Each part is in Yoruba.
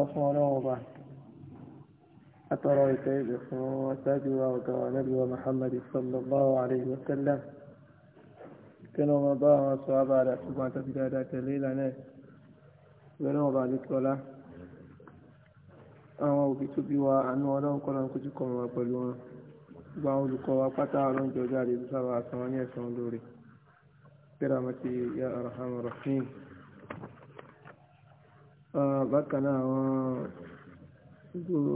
ọ̀pọ̀ fún ọlọ́wọ́ bá atọ́rọ ìfẹ́ ìgbẹ̀ fún ọ̀sájú wa ọ̀gá wa nabi wa Muhammad sallallahu alayhi wa sallam kí ni wọ́n bá wọn sọ àbá rẹ̀ ṣùgbọ́n àtàbí dáadáa tẹ̀lé ìlànà ẹ̀ bẹ́ẹ̀ wọ́n bá ní tọ́lá àwọn òbí tó bí wa àánú ọlọ́run kọ́ lọ́n kojú kọ́ wọn pẹ̀lú wọn gba àwọn olùkọ́ wa pátá ọlọ́njọ́ jáde sábà àtàwọn ní ẹ̀sán lórí. Kí Ah, bákan náà àwọn gbogbo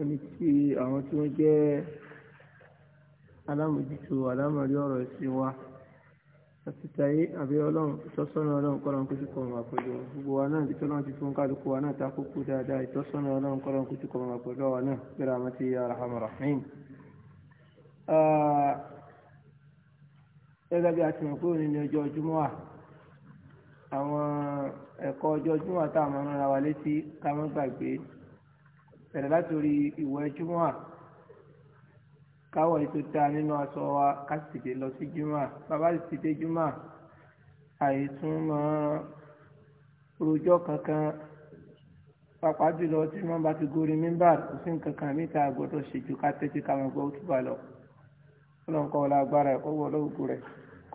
ẹni tí àwọn tí wọ́n jẹ́ alámòjútó alámọ̀rí ọ̀rọ̀ ẹ̀sìn wa àti tàyé àbí ọlọ́run ìtọ́sọ́nà ọlọ́run kọ́ra kó ti kọ̀ wà pẹ̀lú gbogbo wa náà ìtọ́nà ti fún kálukú wa náà takókó dáadáa ìtọ́sọ́nà ọlọ́run kọ́ra kó ti kọ̀ wà pẹ̀lú wa náà gbéra àmọ́ ti yára hamara rahim. Ah, gẹ́gẹ́ bí a ti mọ̀ pé òní ni ọjọ́ Jímọ̀ọ́ àwọn ẹ̀kọ́ ọjọ́ júmọ̀ tá a máa ń ra wa létí ká má gbàgbé bẹ̀rẹ̀ láti orí ìwẹ̀ júmọ̀ káwọ̀ ètò ta nínú aṣọ wa ká sì dé lọ sí júmọ̀ bàbá sì dé júmọ̀ àìsùn máa rojọ́ kankan pàápàá jùlọ tí wọ́n bá ti gorí mímbà kò sí nǹkan kan níta gbọ́dọ̀ ṣèjú ká tẹ́tí ká máa gbọ́ òtúbà lọ ọlọ́nkọ́ ọlá agbára ẹ̀kọ́ wọlé òkú rẹ̀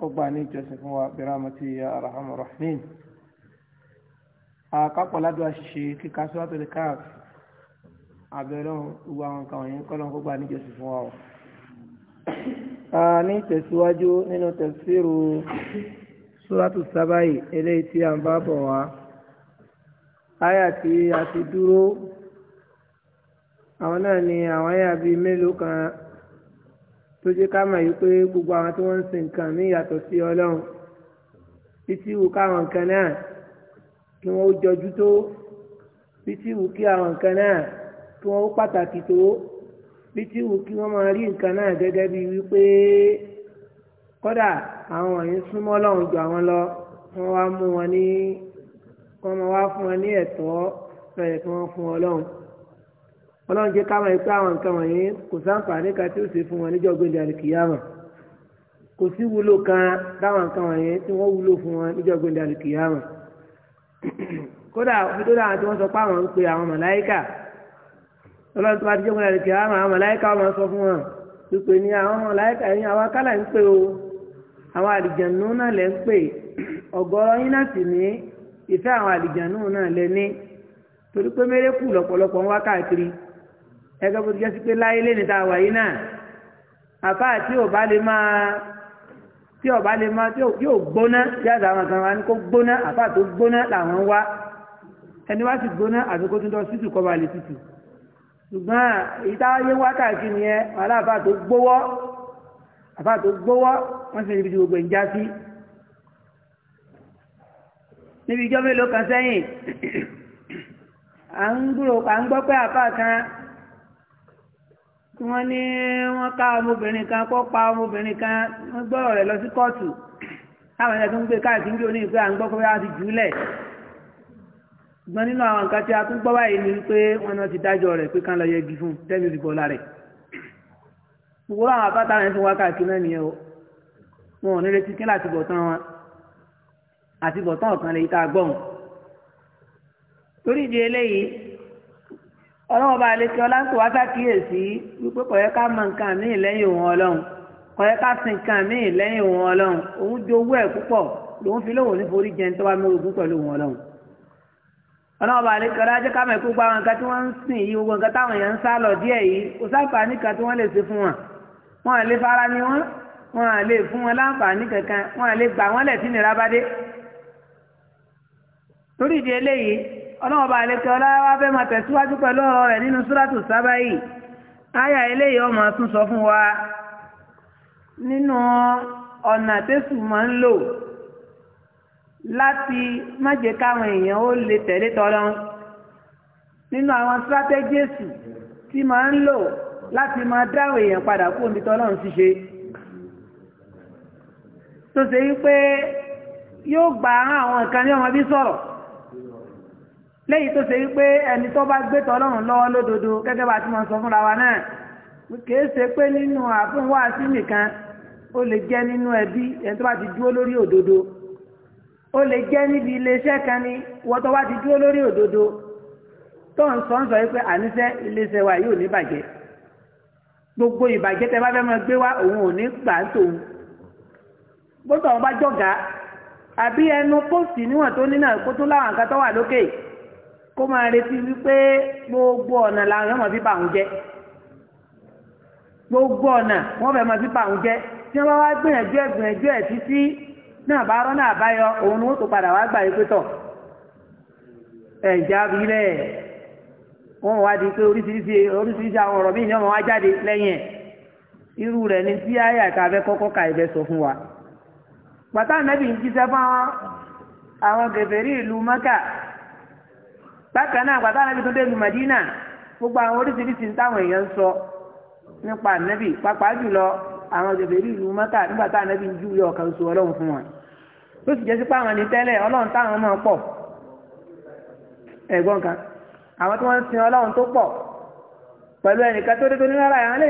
kọgbà ní ìjọsìn fún wa biramati ya arhamar rahimin àkápọ̀ ládùá ṣe kíka sọ́tò lè káàkiri abẹ́rẹ́ gbogbo àwọn nǹkan wọ̀nyí kọ́lọ́n kó gbà ní ìjọsìn fún wa o. ní tẹ̀síwájú nínú tafsiru suratu sábàyì eléyìí tí a ń bá bọ̀ wá àyà tí a ti dúró àwọn náà ni àwọn àyà bíi mélòó kan tó jẹ́ ká mọ̀ yìí pé gbogbo àwọn tí wọ́n ń sin nǹkan ní ìyàtọ̀ sí ọlọ́run títí wù káwọn nǹkan náà kí wọ́n ó jọjú tó títí wù kí àwọn nǹkan náà kí wọ́n ó pàtàkì tó títí wù kí wọ́n máa rí nǹkan náà gẹ́gẹ́ bíi wípé kódà àwọn wọ̀nyí súnmọ́ ọlọ́run ju àwọn lọ wọ́n wá mú wọn ní wọ́n máa wá fún wọn ní ẹ̀tọ́ lọ́yẹ̀ tí wọ́n fún ọlọ́run ọlọ́run jẹ́ ká máa pé àwọn nǹkan wọ̀nyí kò sáǹfààní kan tí ó ṣe fún wọn níjọ́ gbèndé àlìkìyàmà kò sí wúlò kan táwọn nǹkan wọ̀nyí tí wọ́n wúlò fún wọn níjọ́ gbèndé àlìkìyàmà kódà òfin tó dáhùn tí wọ́n sọ pé àwọn ń pe àwọn màláíkà ọlọ́run tó bá ti jẹ́ gbèndé àlìkìyàmà àwọn màláíkà wọn sọ fún wọn pípé ní àwọn màláíkà yín àwọn akálà ń pè o àwọn àlìjànú náà lẹ́ ń pè ọ̀gọ̀rọ̀ yín náà sì ní ìfẹ́ àwọn àlìjànú náà lẹ́ ní torí pé mérékù lọ́pọ̀lọpọ̀ ń wá káàkiri ẹgbẹ́ bó ti jẹ́ sí pé láyé lẹ́ni tá a wà yìí náà àfa tí ò bá lè máa tí ò bá lè máa tí ò gbóná yàtọ̀ àwọn kan wà ní kó gbóná àfa tó gbóná làwọn wá ẹni wá sì gbóná àfi kó tún lọ tútù kọ́ balẹ̀ tútù ṣùgbọ́n ìtayé wákàtí nìyẹn wàhálà àfa tó gbówọ́ àfa tó gbówọ́ wọ́n sì níbi tí gbogbo ìjà sí níbi ìjọ mélòó kan sẹ́yìn à ń gbọ́ pé àfa kan wọ́n ní wọ́n ká ọmọbìnrin kan kó pa ọmọbìnrin kan wọ́n gbọ́rọ̀ rẹ̀ lọ sí kóòtù táwọn ẹ̀yà tó ń gbé káàkiri ní oníyìí pé à ń gbọ́ pé a ti jù ú lẹ̀ ṣùgbọ́n nínú àwọn nǹkan tí a tún gbọ́ báyìí ni wípé wọ́n náà ti dájọ́ rẹ̀ pé kán lọ yẹgi fún tẹ́mi fi bọ́lá rẹ̀ gbogbo àwọn apáta rẹ̀ ń fún wákàtí náà nìyẹn o wọn ò ní retí kí láti bọ̀ tán wọn àti bọ̀ tán ọ̀kan ọlọ́wọ́ bá lè fi ọláńtò wá sàkíyèsí wípé kọ̀yẹ́ ká mọ nǹkan míì lẹ́yìn òun ọlọ́run kọ̀yẹ́ ká sin nǹkan míì lẹ́yìn òun ọlọ́run òun jowó ẹ̀ púpọ̀ lòun fi lóhùn ní forí jẹun tó wá mẹ́rogún pẹ̀lú òun ọlọ́run ọlọ́wọ́ bá lè fi ọláńtò ká mọ̀ ìkópa àwọn nǹkan tí wọ́n ń sìn yìí gbogbo nǹkan táwọn èèyàn ń sá lọ díẹ̀ yìí kò sáǹfààní kan tí wọ́n ọlọ́wọ́ bá lè tẹ́ ọláwá fẹ́ máa tẹ̀síwájú pẹ̀lú ọ̀rọ̀ rẹ̀ nínú súrátù sábà yìí áyà eléyìí ọmọ tún sọ fún wa nínú ọ̀nà tẹ́sù máa ń lò láti má jẹ́ káwọn èèyàn ó lè tẹ̀lé tọ́lọ́ nínú àwọn sátẹ́jẹ́sì tí máa ń lò láti máa dáwọ̀ èèyàn padà kó omi tọ́lọ́ ń ṣiṣe tó ṣe wípé yóò gba àwọn nǹkan ní ọmọ bí sọ̀rọ̀ lẹ́yìn tó ṣe wípé ẹni tó bá gbé tọ́lọ́run lọ́wọ́ lódodo gẹ́gẹ́ bá ti mọ̀ sọ fúnra wa náà kìí ṣe pé nínú àfihàn àti nìkan ó lè jẹ́ nínú ẹbí ẹni tó bá ti dúró lórí òdodo ó lè jẹ́ níbi iléeṣẹ́ kan ní wọ́n tó bá ti dúró lórí òdodo tó ń sọ ń sọ wípé àníṣe iléeṣẹ́ wa yóò ní bàjẹ́ gbogbo ìbàjẹ́ tẹ bá fẹ́ máa gbé wá òun ò ní gbà ń tòun bó tọ̀ wọn bá jọ̀gá àbí ẹnu pósìtì níwọ̀n tó ní náà kó tún láwọn nǹkan wà lókè kó máa retí wípé gbogbo ọ̀nà làwọn ọmọ máa fi jẹ́ gbogbo ọ̀nà wọ́n fẹ́ máa fi bàwọn jẹ́ tí wọ́n wá gbìyànjú ẹ̀ náà bá rọ́nà àbáyọ òun ni wọ́n tó padà wá gbà tọ̀ ẹ̀já wọ́n wá di pé oríṣiríṣi oríṣiríṣi àwọn ọ̀rọ̀ míì ni wọ́n wá jáde ka ìbẹ́ sọ fún wa pàtàkì ń fún àwọn gẹ̀fẹ̀rí ìlú maka. bákan náà gbàtà nàbí tó dé lu Madina gbogbo àwọn oríṣiríṣi táwọn èèyàn ń sọ nípa ànábì pàápàá jùlọ àwọn gègèrè ìlú mọ́tà nígbà tá ànábì ń júwe ọ̀kan oṣù ọlọ́run fún wọn tó sì jẹ́ sí páwọn ní tẹ́lẹ̀ ọlọ́run táwọn náà pọ̀ ẹ̀gbọ́n kan àwọn tí wọ́n sin ọlọ́run tó pọ̀ pẹ̀lú ẹnìkan tó dé tó ní àwọn ilé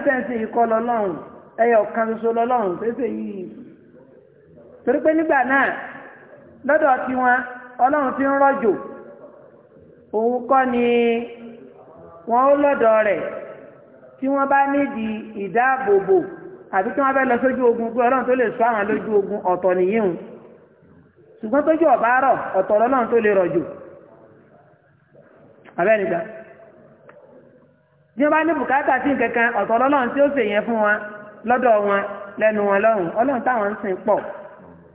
ti ń òun kọ́ ni wọ́n ó lọ́dọ̀ rẹ̀ tí wọ́n bá nídìí ìdáàbòbò àbí tí wọ́n bá lọ sójú ogun pé ọlọ́run tó lè sọ àwọn lójú ogun ọ̀tọ̀ nìyíhun ṣùgbọ́n tójú ọ̀bá rọ̀ ọ̀tọ̀ ọlọ́run tó lè rọ̀ jù tí wọ́n bá ní bùkátà sí kankan ọ̀tọ̀ ọlọ́run tí ó ṣe yẹn fún wọn lọ́dọ̀ wọn lẹ́nu wọn lọ́rùn ọlọ́run táwọn ń sìn pọ̀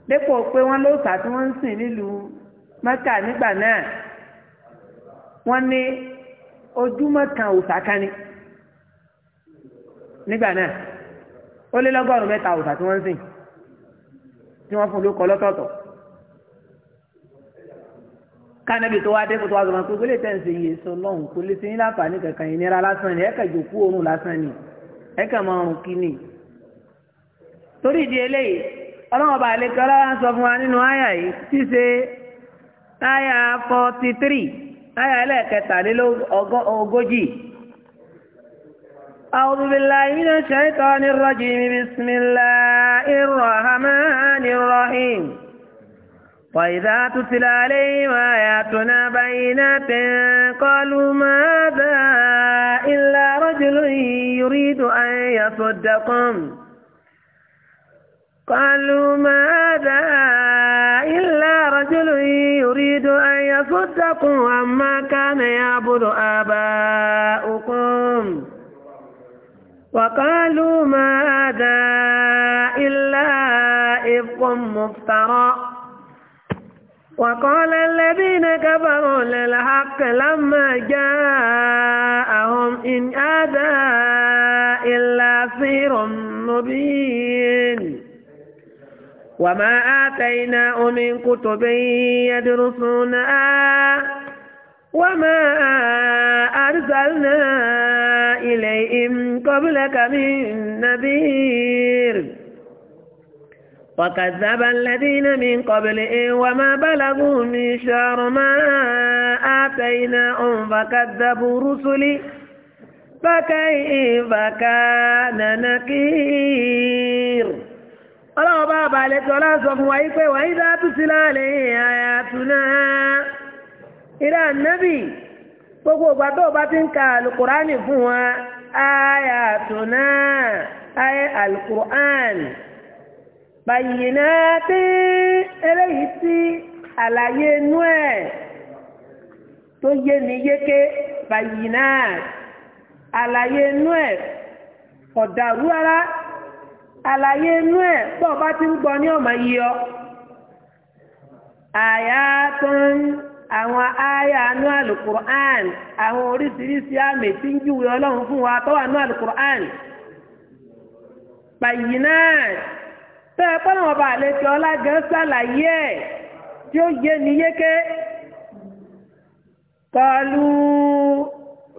dépò pé wọ́n lóòsà tí wọ́n ń sìn nílùú Mẹ́kà nígbà wọ́n ní ojúmọ́ kan òòsà kan ni nígbà náà ó lé lọ́gọ́rùn mẹ́ta òòsà tí wọ́n ń sìn tí wọ́n fún lóko lọ́tọ̀ọ̀tọ̀ kánábì tó wá dé kótó wá sọ̀rọ̀ pé gbélé tẹ̀ ń ṣe iye sọ lọ́hùn kó lè ṣe ní láǹfààní kankan ìnira lásán ni ẹ̀ka ìjòkú oorun lásán ni ẹ̀ka máa rùn kí ni. torí ìdí eléyìí ọlọ́wọ́n bá lè kọ́ sọ fún wa nínú àyà yìí tí ṣe forty three aya ẹlẹ́ẹ̀kẹtàlélógójì. أعوذ بالله من الشيطان الرجيم بسم الله الرحمن الرحيم وإذا تتلى عليهم آياتنا بينات قالوا ماذا إلا رجل يريد أن يصدكم قالوا ماذا رجل يريد أن يصدكم عما كان يعبد آباؤكم وقالوا ما هذا إلا إفق مفترى وقال الذين كفروا للحق لما جاءهم إن هذا إلا سير مبين وما آتيناه من كتب يدرسونها وما أرسلنا إليهم قبلك من نذير وكذب الذين من قبلهم وما بلغوا من شر ما آتيناهم فكذبوا رسلي فكيف كان نكير ọlọ́wọ́ bá balẹ̀ tí ọlá sọ fún wa yí pé wà ní dátú sí láàlẹ́ àyà túná ìrẹ́ ànábì gbogbo ìgbà tó bá ti ń ka alukurani fún wa àyà túná ayé alukurani bàyìnà tí eléyìí sí àlàyé inú ẹ̀ tó yé ni yéké bàyìnà àlàyé inú ẹ̀ ọ̀dàrú ara. àlàyé inú ẹ̀ pọ̀ bá ti ń gbọ ní ọmọ yìí ọ. àyà tó ń àwọn àyà anú alukur'an àwọn oríṣiríṣi àmì tí ń júwe ọlọ́run fún wa tó wà anú pàyì náà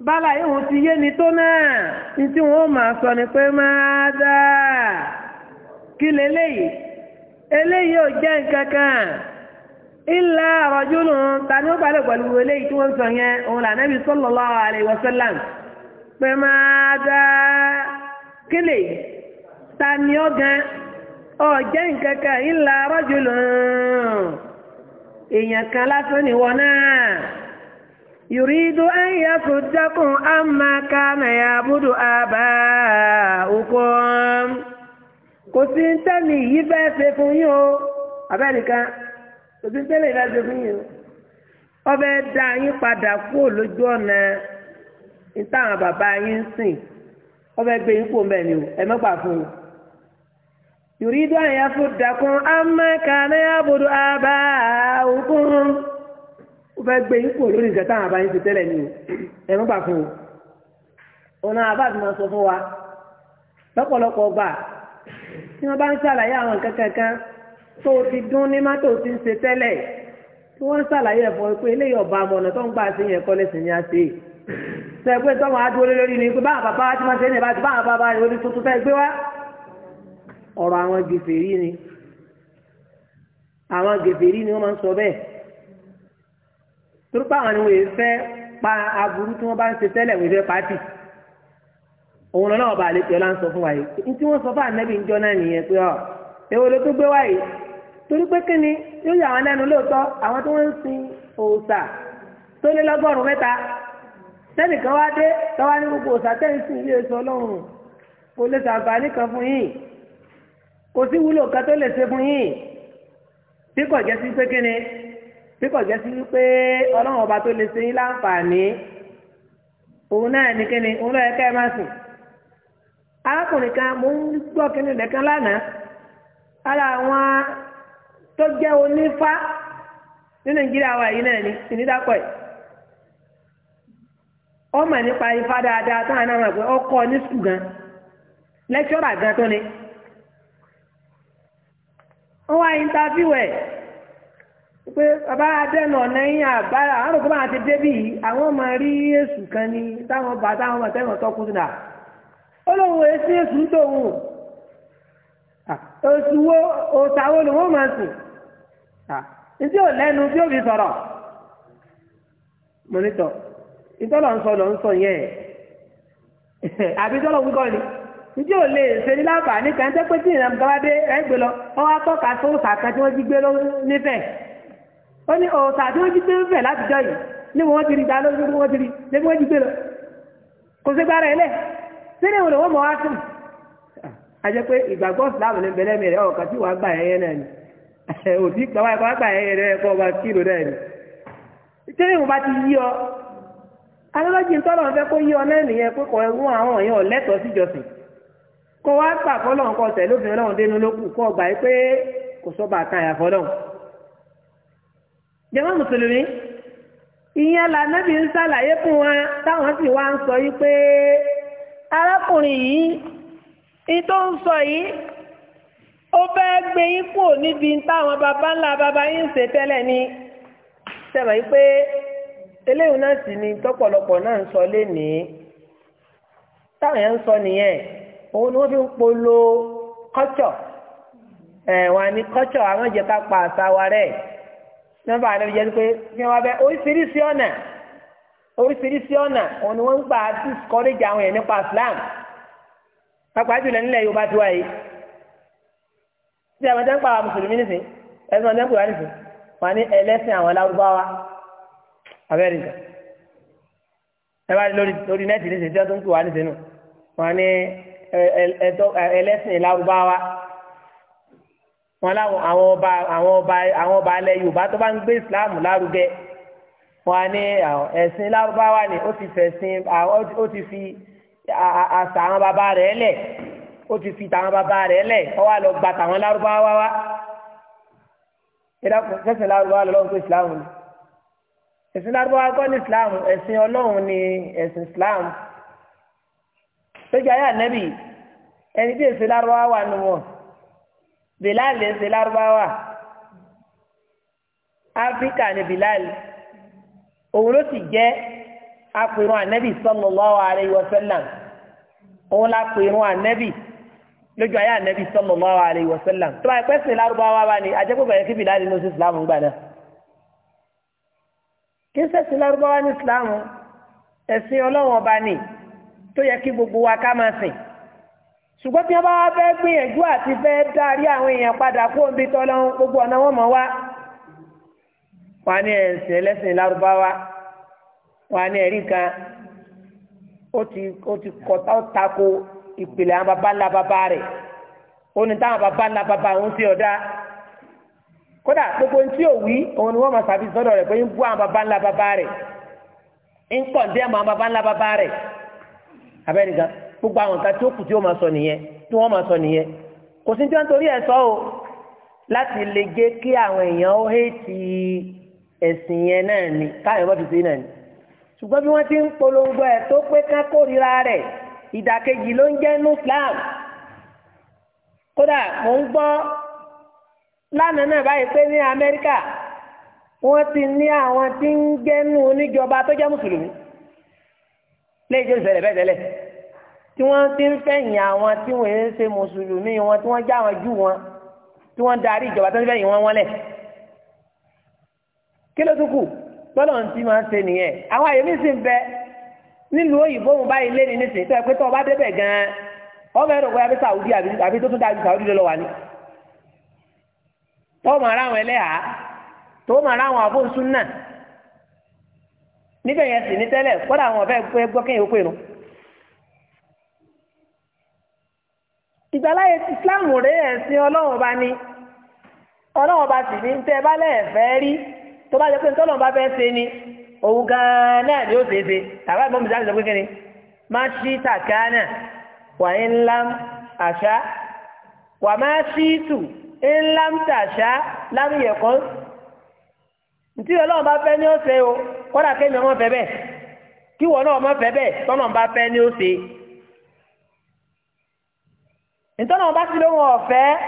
bala ihun ti yé ni tó náà ní tí wọ́n máa sọ ni pé máa dáa kí leléyìí eléyìí ò jẹ́ nǹkan kan illa rajulun tani ó balẹ̀ pẹ̀lú eléyìí tí wọ́n sọ yẹn òun là nábì pé máa dáa kí lè tani ó gan jẹ́ èèyàn kan lásán náà. يريد أن يصدكم أما كان يعبد آباؤكم kò sí ń tẹ́lẹ̀ yìí fẹ́ ṣe fún yín o abẹ́nìkan kò sí ń tẹ́lẹ̀ yìí fẹ́ ṣe fún yín o ọbẹ̀ dá yín padà kúrò lójú ọ̀nà ìtàn bàbá yín ń sìn ọbẹ̀ gbé yín kúrò mẹ́rin o ẹ mọ́gbà fún un. يريد أن يصدكم أما كان يعبد آباؤكم ó fẹ́ gbé yín kúrò lórí nǹkan táwọn àbáyé ti tẹ́lẹ̀ ni o ẹ̀ ń fún o ọ̀nà àbá ti máa sọ fún wa lọ́pọ̀lọpọ̀ gbà tí wọ́n bá ń ṣàlàyé àwọn nǹkan kankan tó ti dún ní mọ́tò ti ń ṣe tẹ́lẹ̀ tí wọ́n ń ṣàlàyé ẹ̀fọ́ pé eléyìí ọ̀bà àmọ́ ọ̀nà tó ń gbà sí yẹn kọ́lẹ́sì ni a ṣe sọ pé tọ́mọ adúlé lórí ni pé báwọn bàbá tí wọ́n ṣe ní ìbá ti báwọn bàbá rẹ̀ orí tuntun fẹ́ gbé wá ọ̀rọ̀ àwọn gèfèrí ni àwọn gèfèrí ni wọ́n máa ń sọ bẹ́ẹ̀ torípa àwọn ni wọ́n fẹ́ pa aburú tí wọ́n bá ń ṣe tẹ́lẹ̀ wọ́n fẹ́ pàtì òun náà ọba àlejò ọlá ń sọ fún wa yìí ní wọ́n sọ fún ànábì ń náà nìyẹn pé ọ èwo ló tó gbé wá yìí torí pé kí ni yóò yà wọn lẹ́nu lóòótọ́ àwọn tí wọ́n ń sin òòṣà tó lé lọ́gọ́rùn-ún mẹ́ta sẹ́nìkan wá dé tọ́wá ní gbogbo òòṣà tẹ́ ń sìn ilé èso ọlọ́run kò lè ṣàǹfààní kan fún yín kò sí wúlò kan tó lè ṣe fún yín tí kò jẹ́ sí pé kí ni bí jẹ́ sí wípé ọlọ́run ọba tó lè ṣe yín láǹfààní òun náà ní kíni òun lọ́yẹ ká ẹ má sùn. arákùnrin kan mò ń gbọ́ kíni lẹ́kan lánàá ara àwọn tó jẹ́ onífá ní nàìjíríà wa yìí náà ni ìnídàpọ̀ yìí ọmọ nípa ifá dáadáa ọkọ ní sùn lẹ́kṣọ́rà ni. wá pé bàbá adẹ́nà ọ̀nà yín àbára àwọn òkú máa ti débì yìí àwọn ọmọ rí èsù kan ni táwọn bá táwọn ọmọ tẹ́wọ̀n tọ́kùn sí náà ó lóun èsì èsù ń tòun èsù wo òtàwó lòun ó máa sùn ntí ò lẹ́nu tí ó fi sọ̀rọ̀ mọ̀nítọ̀ ìtọ́lọ̀ ń sọ lọ ń sọ yẹn àbí tọ́lọ̀ ń gọ́ ni ntí ò lè ṣe ní láǹfààní kan tẹ́ pé tí ìrìnàmù kan bá dé ẹgbẹ́ lọ wọ́n wá tọ́ka sóòsà kan tí wọ́n ti gbé lọ nífẹ̀ẹ́ ó ní ọ̀tà oh, tí wọ́n ti gbé bẹ̀ látijọ́ yìí ní wọ́n ti rí ìdá lórí bí wọ́n ti rí lébi wọ́n ti gbé lọ kò sí gbára ẹlẹ́ sílẹ̀ wọn wọ́n mọ̀ wá sùn. a jẹ́ pé ìgbàgbọ́ ìsìláàmù ní bẹ̀lẹ́ mi rẹ̀ ọ̀kan tí wàá gbà ẹ̀yẹ náà ni òtí gbàwá ẹ̀kọ́ gbà ẹ̀yẹ rẹ̀ ẹ̀kọ́ ọba kílò náà ni. sílẹ̀ wọn bá ti yí ọ alọ́lọ́jì ń tọ́lọ̀ fẹ́ kó yí ọ náà nìyẹn pé kò wọ́n àwọn èèyàn lẹ́tọ̀ọ́ síjọsìn kó wá gbà fọlọ́n kọ tẹ̀lófin ọlọ́run dénú lókù kó ọgbà yìí pé kò sọ́ba àtàyà fọlọ́run jàmá mùsùlùmí ìyẹn lànàbí ń ṣàlàyé fún wa táwọn sì wá ń sọ yìí pé arákùnrin yìí ní tó ń sọ yìí ó fẹ́ gbé yín kúrò níbi táwọn baba ńlá baba yín ń ṣe tẹ́lẹ̀ ni sẹ́wọ̀n yìí pé eléyìí náà sì ni tọ́pọ̀lọpọ̀ náà ń sọ lénìí táwọn yẹn ń sọ nìyẹn òun ni wọ́n fi ń polo kọ́tsọ̀ ẹ̀ wà ní kọ́tsọ̀ àwọn jẹ́ ká pa àṣà wa rẹ̀ nọ́mbà àdàbí jẹ́ pé kí wọ́n bẹ oríṣiríṣi ọ̀nà oríṣiríṣi ọ̀nà òun ni wọ́n ń gbà discourage àwọn èèyàn nípa Islam pàápàá jùlọ nílẹ̀ Yorùbá tiwa yìí tí àwọn tẹ́ ń pa mùsùlùmí nìsín ẹ̀sìn ọ̀tẹ́ ń pè wá nìsín wọ́n ní ẹlẹ́sìn àwọn lárúbáwá abẹ́rẹ́ nìkan ẹ bá lórí lórí nẹ́ẹ̀tì nìsín tí wọ́n tún pè wá nìsín nù wọ́n ní ẹlẹ́sìn lárúbáwá wọn láwọn àwọn ọba àwọn ọba àwọn ọba alẹ yorùbá tó bá ń gbé islam lárugẹ wọn á ní ẹ̀sìn lárúbáwá ni ó ti fẹ̀sìn ó ti fi àṣà àwọn bàbá rẹ̀ lẹ̀ ó ti fi tàwọn bàbá rẹ̀ lẹ̀ ó wá lọ gba tàwọn lárúbáwá wá ẹ̀sìn lárúbáwá lọ́wọ́ pé islam ni ẹ̀sìn lárúbáwá kọ́ ní islam ẹ̀sìn ọlọ́run ni ẹ̀sìn islam lójú ayé ànẹ́bì ẹni tí èsì lárúbáwá wà nù wọn bilal lè ṣe lárúbáwá áfíríkà ni bilal òun ló sì jẹ́ apẹ̀rún ànẹ́bì sallallahu alayhi wa sallam òun la pẹ̀rún ànẹ́bì lójú ayé ànẹ́bì sallallahu alayhi wa sallam tó bá yẹ pẹ́sìn lárúbáwá wa ni ajẹ́pẹ́pẹ́ yẹ kí bilal ní oṣù islam gbà náà kí sẹ́sìn lárúbáwá ní islam ẹ̀sìn ọlọ́wọ́n ọba ni tó yẹ kí gbogbo wa ká máa sìn ṣùgbọ́n tí wọ́n bá wá fẹ́ gbìyànjú àti fẹ́ darí àwọn èèyàn padà kó omi tọ́lọ́ gbogbo ọ̀nà wọn mọ̀ wá wà ní ẹ̀sìn ẹlẹ́sìn lárúbáwá wà ní ẹ̀rí kan ó ti ó ti kọta ó tako ìpìlẹ̀ àwọn baba ńlá baba rẹ̀ ó ní táwọn baba ńlá baba òun ti ọ̀dá kódà gbogbo ní tí ò wí òun ni wọ́n máa sàbí sọ́dọ̀ rẹ̀ pé ń bú àwọn baba ńlá baba rẹ̀ ń kọ̀ndé gbogbo àwọn nǹkan tí ó kù tí ó máa sọ nìyẹn tí wọ́n máa sọ nìyẹn kò sí tí wọ́n torí ẹ̀ sọ o láti lè gé kí àwọn èèyàn ó hẹ́ẹ̀tì ẹ̀sìn yẹn náà ni káyọ̀ bá fi sí náà ni ṣùgbọ́n bí wọ́n ti ń polongo ẹ̀ tó pé ká kórìíra rẹ̀ ìdàkejì ló ń jẹ́ ní Islam kódà mò ń gbọ́ lánàá náà báyìí pé ní Amẹ́ríkà wọ́n ti ní àwọn tí ń jẹ́nu oníjọba tó jẹ́ mùsùlùmí lẹ́yìn tó ń ṣẹlẹ̀ bẹ́ẹ̀ tẹ́lẹ̀ tí wọ́n ti ń fẹ̀yìn àwọn tí wọ́n ń ṣe mùsùlùmí wọn tí wọ́n já wọn jù wọn tí wọ́n darí ìjọba tó ń fẹ̀yìn wọn wọ́lẹ̀. kí ló tún kù tọ́lọ̀ ń ti máa ń ṣe nìyẹn àwọn àyè mi sì ń bẹ nílùú òyìnbó mu báyìí lé ní nísìnyí tó yẹ pé tó o bá débẹ̀ gan-an wọ́n fẹ́ rò pé àbí sàwùdí àbí tó tún dájú sàwùdí ló lọ wà ní. tó máa ra àwọn ẹlẹ́hà tó máa ra àwọn àfọ̀nsún náà níbẹ̀ yẹn sì ní tẹ́lẹ̀ kọ́dà àwọn ọ̀fẹ́ gbọ́ kéèyàn ó pè nù. ìgbàláyé islam rẹ̀ ẹ̀sìn ọlọ́run ọba ni ọlọ́run ọba sì ní tẹ́ ẹ bá lẹ́ẹ̀fẹ́ rí tó bá jẹ pé nítorí bá fẹ́ ṣe ni òun gan-an náà ni ó ṣe é ṣe tàbá ìbọn mìíràn sọ pé kí ni má ṣí tàkánà wà ń lám àṣá wà má ṣí tù ń lám tàṣá lámìyẹ̀kọ́ ntí ọlọ́run bá fẹ́ ni ó ṣe o kọ́dà kéèyàn mọ́ fẹ́ bẹ́ẹ̀ kí wọ́n náà mọ́ fẹ́ bẹ́ẹ̀ tọ́nà bá fẹ́ ni ó ṣe nítorí wọn bá ti lóhun ọ̀fẹ́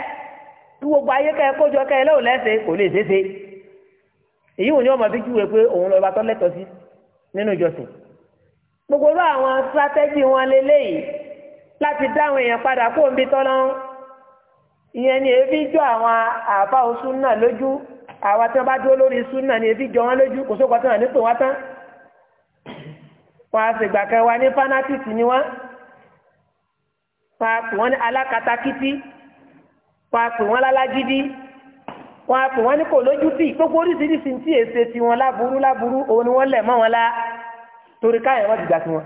tí gbogbo ayé kẹ́ ẹ kójọ kẹ́ ẹ lóhùn lẹ́sẹ̀ kò lè ṣeéṣe èyí wọn ni wọn máa fi júwe pé òun lọ́ba tó lẹ́tọ̀ọ́ sí nínú ìjọsìn gbogbo ló àwọn sátẹ́jì wọn lélẹ́yìí láti dáhùn èèyàn padà kó ń bi tọ́lọ́ ìyẹn ni èéfì jọ àwọn àbá òsùn náà lójú àwa tí wọn bá dúró lórí súnà ni ebi jọ wọn lójú kò sóko tí wọn ní tò wá tán wọn àṣègbà kan wa ní fanatiki ni wọn wọ́n á pè wọ́n ní alákatakítí wọ́n á pè wọ́n lálágídí wọ́n á pè wọ́n ní kò lójú bì gbogbo oríṣiríṣi tí èsè ti wọn láburú láburú òun ni wọ́n lẹ̀ mọ́ wọn lá torí káyọ̀ wọ́n ti gbà tiwọn.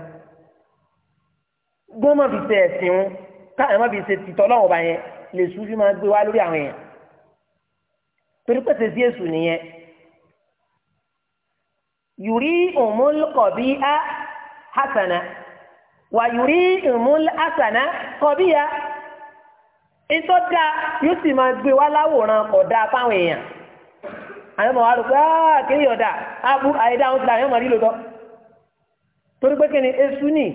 gbọ́n mọ̀ fi ṣe ẹ̀sìn wọn káyọ̀ mọ̀ fi ṣe tìtọ́ lọ́wọ́ bá yẹn lè sùn máa gbé wá lórí àwọn èèyàn torí pèsè sí èsù nìyẹn yùrí òmùlùkọ̀ bíi á hasana. wàyúrí ìmúlẹ̀ àsànà kọbíya ìtọ́ yóò sì máa gbé wá ọ̀dà fáwọn èèyàn àwọn ọmọ wa rò pé kéèyàn ọ̀dà abu àìdá ti rí torí pé kí ni nì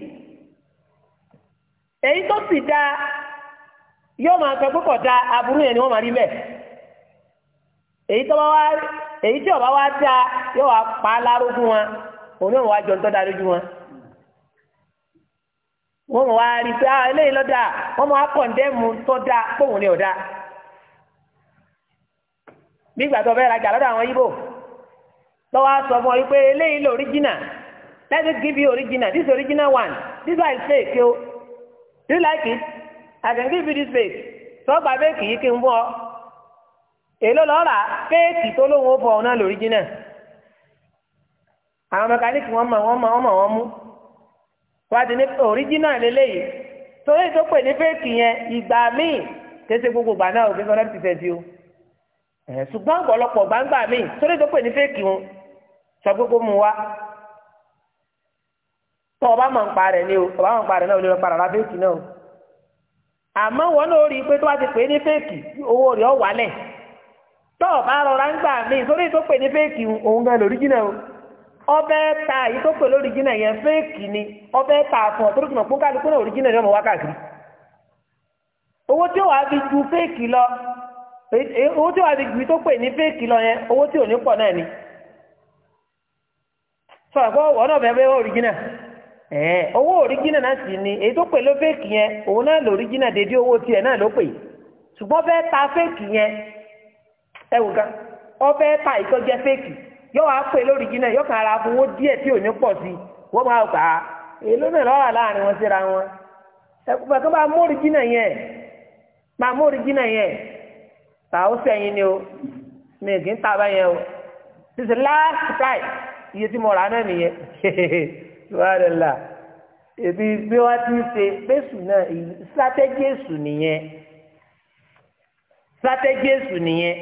èyí tó sì yóò máa sọ pé kò da aburú yẹn ni wọ́n máa rí bẹ́ẹ̀ èyí tó bá wá èyí tí ọba wá da yóò wá pa á wọn òun náà wá jọ wọ́n mọ̀ wá rí pé ah eléyìí ló wọ́n mọ̀ wá tó ni ò bí ìgbà àwọn yíbò lọ́wọ́ á sọ fún ọ eléyìí give you original this original one this one is fake o do you like it i can give you this fake fake yìí kí n bọ́ èló rà fake tó lóun ó fọ ọ àwọn wọ́n mọ̀ wá di ní original lélẹ́yìí torí tó pè ní fake yẹn ìgbà míì kése gbogbo gbà náà òfin sọ́dọ̀ fẹ́ o ṣùgbọ́n ọ̀pọ̀lọpọ̀ gbangba míì torí tó pè ní fake wọn sọ mu wá ọba mọ̀ nípa rẹ̀ ni o ọba mọ̀ rẹ̀ náà ò lè lọ fake náà o àmọ́ wọn náà rí i pé tó bá ti pè ní fake owó rẹ̀ ọ̀ ọbẹ̀ ta yìí tó pẹ̀lú original yẹn fẹ́ẹ̀kì ni ọbẹ̀ ta fún ọ torí yẹn mọ̀ wákàtí owó tí ó wàá fi ju lọ owó tí ó wàá fi ju tó pè ní lọ yẹn owó tí ò ní pọ̀ náà ni sọ àgbọ̀ ọ̀nà ọ̀bẹ̀ bẹ́ẹ̀ owó náà sì ni èyí tó fẹ́ẹ̀kì yẹn òun náà dédé owó tiẹ̀ náà ló pè ṣùgbọ́n ta fẹ́ẹ̀kì yẹn ẹ gan ọbẹ̀ ta ìtọ́jẹ́ yóò wá pè lórí jìnnà yóò kàn ra fowó díẹ̀ tí ò ní pọ̀ sí wọ́n máa gbà á èló náà lọ́wọ́ láàrin wọn síra wọn ẹ̀kúfẹ́ kó bá mú òrìjìnà yẹn máa mú òrìjìnà yẹn tà ó ni o mi kì í ta bá yẹn o this is last price iye tí mo rà náà nìyẹn wàhálà ebi bí wọ́n ti ṣe bẹ́sù náà strategy èsù nìyẹn strategy èsù nìyẹn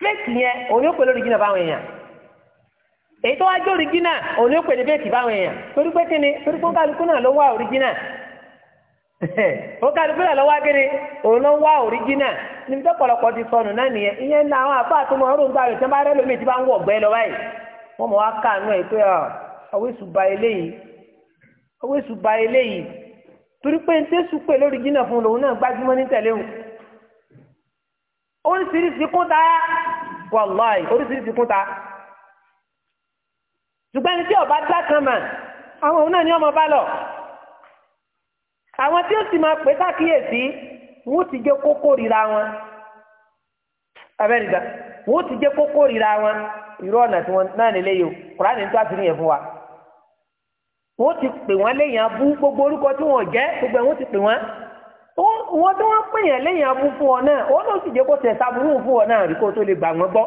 fake yẹn òun yóò pè lórí jìnnà báwọn èèyàn. èyí tó wá jẹ́ òrìjínà òní ó pèlè bẹ́ẹ̀tì báwọn èèyàn torí pé kíni torí pé kálukú náà ló wá òrìjínà ó kálukú náà ló wá kíni òun ló wá níbi tó pọ̀lọpọ̀ ti sọnù náà nìyẹn ìyẹn ní àwọn àpá tó mọ ọrùn ń tí bá lómi tí ba eléyìí ba ṣùgbọ́n ẹni tí ọba dá kan mà àwọn òun náà ni ọmọ bá lọ àwọn tí ó sì máa pè sákìyèsí wọ́n ti jẹ́ kókó rira wọn abẹ́rìndà wọ́n ti jẹ́ kókó rira wọn irú ọ̀nà tí wọ́n náà nílé yìí o Kùránì tó àfihàn yẹn fún wa wọ́n ti pè wọ́n léyìn abú gbogbo orúkọ tí wọ́n jẹ́ gbogbo ẹ̀ wọ́n ti pè wọ́n wọ́n tí wọ́n pè yàn léyìn abú fún ọ náà wọ́n ló sì jẹ́ kó tẹ̀ sábúrú fún ọ náà rí kó tó lè gbà wọ́n gbọ́.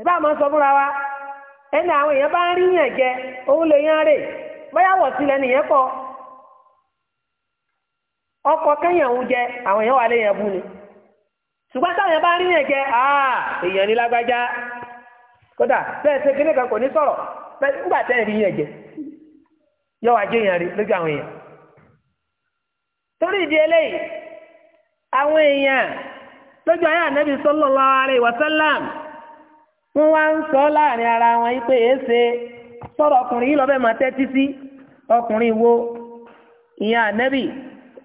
ẹ̀bá àmọ́ sọ fúnra wa ẹni àwọn èèyàn bá ń rí yàn jẹ òun lè yàn rè bóyá wọ̀ tilẹ̀ nìyẹn kọ ọkọ̀ kẹ́yàn ń jẹ àwọn èèyàn ni ṣùgbọ́n táwọn èèyàn bá ń rí yàn jẹ èèyàn ní lágbájá kódà bẹ́ẹ̀ ṣe kíní kan kò ní sọ̀rọ̀ nígbà tẹ́ ẹ̀ rí yàn jẹ yọ yàn lójú àwọn èèyàn torí ìdí eléyìí wọ́n wá ń sọ láàrin ara wọn yìí pé èéṣe sọ̀rọ̀ ọkùnrin yìí lọ́bẹ̀ máa tẹ́tí sí ọkùnrin wo ìyẹn ànẹ́bì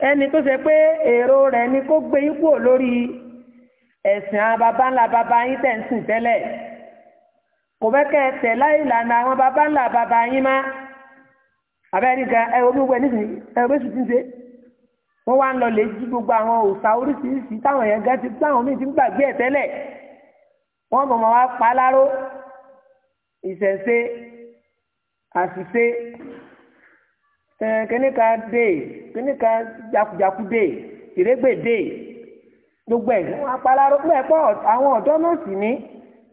ẹni tó ṣe pé èrò rẹ̀ ni kó gbé yín kúrò lórí ẹ̀sìn àwọn baba ńlá baba yín tẹ̀ ń sìn tẹ́lẹ̀ kò fẹ́ kẹ́ ẹ tẹ̀ láì lànà àwọn baba ńlá baba yín má abẹ́rẹ́ nìkan ẹ wo gbogbo ẹ nísìnyí ẹ wo bẹ́sù ti ń ṣe wọ́n wá ń lọ lè jí gbogbo àwọn òòṣà oríṣiríṣi táwọn wọ́n mọ̀ máa pa á láró ìṣẹ̀ṣe àṣìṣe kíníkà dé kíníkà jakujaku dé ìrégbè dé gbogbo ẹ̀ wọ́n pa á láró pé ẹ̀pọ̀ àwọn ọ̀dọ́ náà sì ní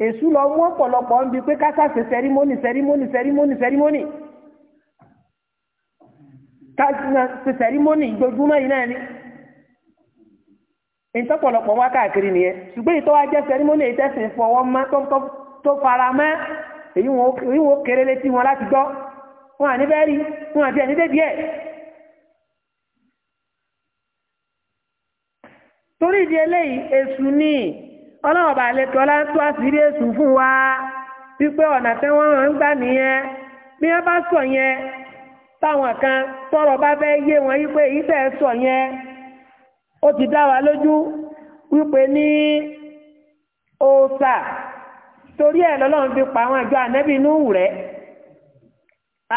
èṣù lọ mú ọ̀pọ̀lọpọ̀ ń bi pé kásàṣe sẹ́rímónì sẹ́rímónì sẹ́rímónì sẹ́rímónì kásàṣe sẹ́rímónì gbogbo náà yìí náà ni. ìtọ́pọ̀lọpọ̀ wá káàkiri nìyẹn ṣùgbọ́n ìtọ́ wa jẹ́ sẹ́rímọ́nì ìtẹ́sìn fọwọ́ mọ́ tó fara mọ́ èyí wọn kéré létí wọn láti gbọ́ wọn àní bẹ́ẹ̀ rí wọn àti ẹni débi ẹ̀. torí ìdí eléyìí èṣù ni ọlọ́ọ̀bà àlejò ọlá tó àṣírí èṣù fún wa wípé ọ̀nà tí wọ́n ń gbà nìyẹn bí wọ́n bá sọ yẹn táwọn kan tọrọ bá fẹ́ yé wọn yí pé èyí tẹ̀ sọ yẹn ó ti dá wa lójú wípé ní òòṣà torí ẹ̀ lọ́lọ́run fi pa àwọn àjọ ànẹ́bí inú rẹ̀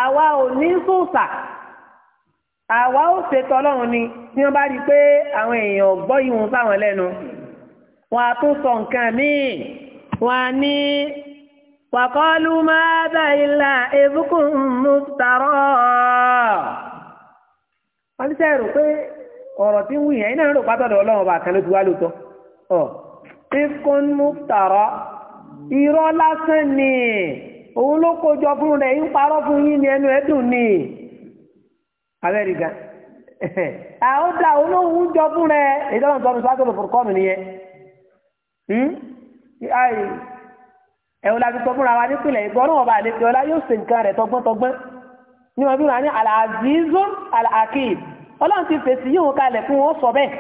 àwa ò ní sòòṣà àwa ó ṣètò ọlọ́run ni tí wọ́n bá rí i pé àwọn èèyàn gbọ́ ìhun sáwọn lẹ́nu wọn á tún sọ nǹkan míì wọn á ní wàkọ́lù máa bá ilà ebúkún mú tààrọ́ wọ́n ti sẹ́rù pé ọ̀rọ̀ tí ń wù yẹn iná ń rò pátọ́dọ̀ ọlọ́run ọba kan ló ti wá lóòótọ́ ọ̀ ifkun muftara irọ́ lásán ni òun ló kójọ fún rẹ̀ ń parọ́ fún yín ni ẹnu ẹ̀dùn ni amẹ́ríkà àwọn dà òun ló ń jọ fún rẹ̀ èyí lọ́wọ́n sọ́nu sọ́kòtò fòrùkọ́mù nìyẹn hmm? ẹ̀wọ̀n láti sọ fúnra wa nípìnlẹ̀ ìgbọ́ náà ọba àlejò ọlá yóò ṣe nǹkan rẹ̀ tọgbọ́ntọgbọ́n ní wọn bí wọn ní al-azizun al-hakim ọlọ́run ti fèsì yíò kalẹ̀ fún wọn sọ bẹ́ẹ̀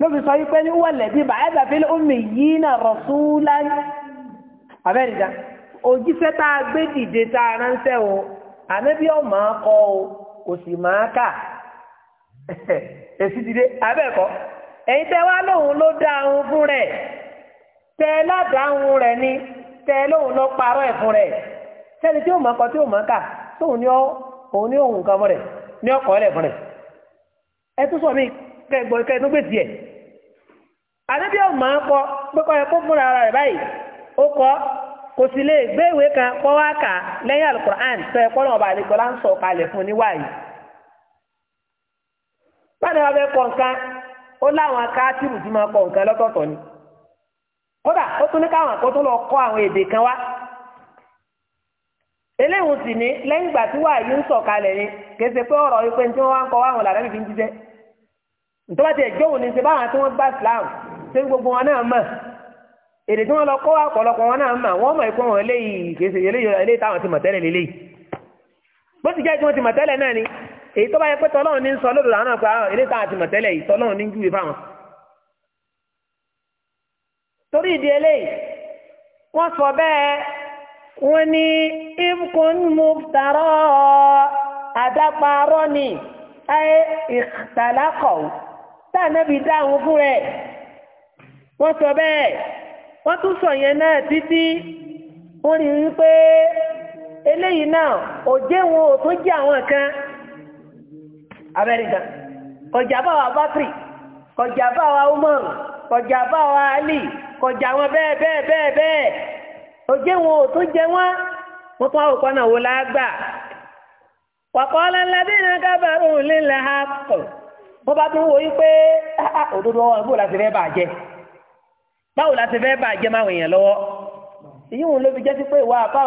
ló fi sọ wípé ní wọlé bí bàá ẹgbà fílẹ omi yìí náà rọ̀súlá abẹ́rìdá òjíṣẹ́ tá a gbé dìde tá a ránṣẹ́ o ànábì ọ̀ máa kọ o kò sì máa kà èsì dìde abẹ́ẹ̀kọ́ ẹ̀yin tẹ́ wá lóhun ló dá ohun fún rẹ̀ tẹ́ ládàáhùn rẹ̀ ni tẹ́ lóhun ló parọ́ ẹ̀ fún rẹ̀ sẹ́ni tí ó máa kọ tí ó máa kà tóun ní òun kan mọ́ rẹ̀. ní ọkọ̀ ọ̀lẹ̀ fún rẹ̀ ẹ sọ mi kẹgbọ́n kẹ tiẹ̀ àdébí ọmọ akọ fúnra ara rẹ̀ báyìí ó kọ kò sì lè gbé ìwé kan kọ́ wá kà lẹ́yìn alukur'an tó ẹ kọ́ náà ọba àlejò kalẹ̀ fún níwáyìí báyìí wọn fẹ́ nǹkan ó láwọn máa nǹkan lọ́tọ̀ọ̀tọ̀ ni ele sì ní lẹ́yìn ìgbà tí wàá yìí ni kése pé ọ̀rọ̀ yìí tí wọ́n wá ń kọ́ wáhùn làrá bìbí ń jíjẹ́ nítorí àti ẹ̀jọ́ òní ṣe báwọn tí wọ́n bá Islam ṣé gbogbo wọn náà mọ̀ èdè tí wọ́n lọ kọ́ ọ̀pọ̀lọpọ̀ wọn náà mọ̀ wọ́n mọ̀ ikú wọn eléyìí táwọn ti mọ̀ tẹ́lẹ̀ lélẹ́yìí bó ti jẹ́ ni wọ́n ní ifkun muftara àdáparọ́ ni ayé ìtàlákọ̀ tànàbí dáhùn fún rẹ̀ wọ́n sọ bẹ́ẹ̀ wọ́n tún sọ yẹn náà títí wọ́n rí i pé eléyìí náà ò jẹ́ wọn ò tó jẹ́ àwọn kan Amẹ́ríkà kọjá báwa Bakri kọjá báwa Umar kọjá báwa Ali kọjá wọn bẹ́ẹ̀ bẹ́ẹ̀ bẹ́ẹ̀ bẹ́ẹ̀. òjé wọn ò tún jẹ wọn wọn tún àwọn kan náà wò lágbà wàkọ́lá ńlábí ha bá tún wò pé òdodo wọn bó ti fẹ́ báwo la ti fẹ́ máa wẹ̀yàn lọ́wọ́ èyí wọn ló fi jẹ́ sí pé ìwà àbá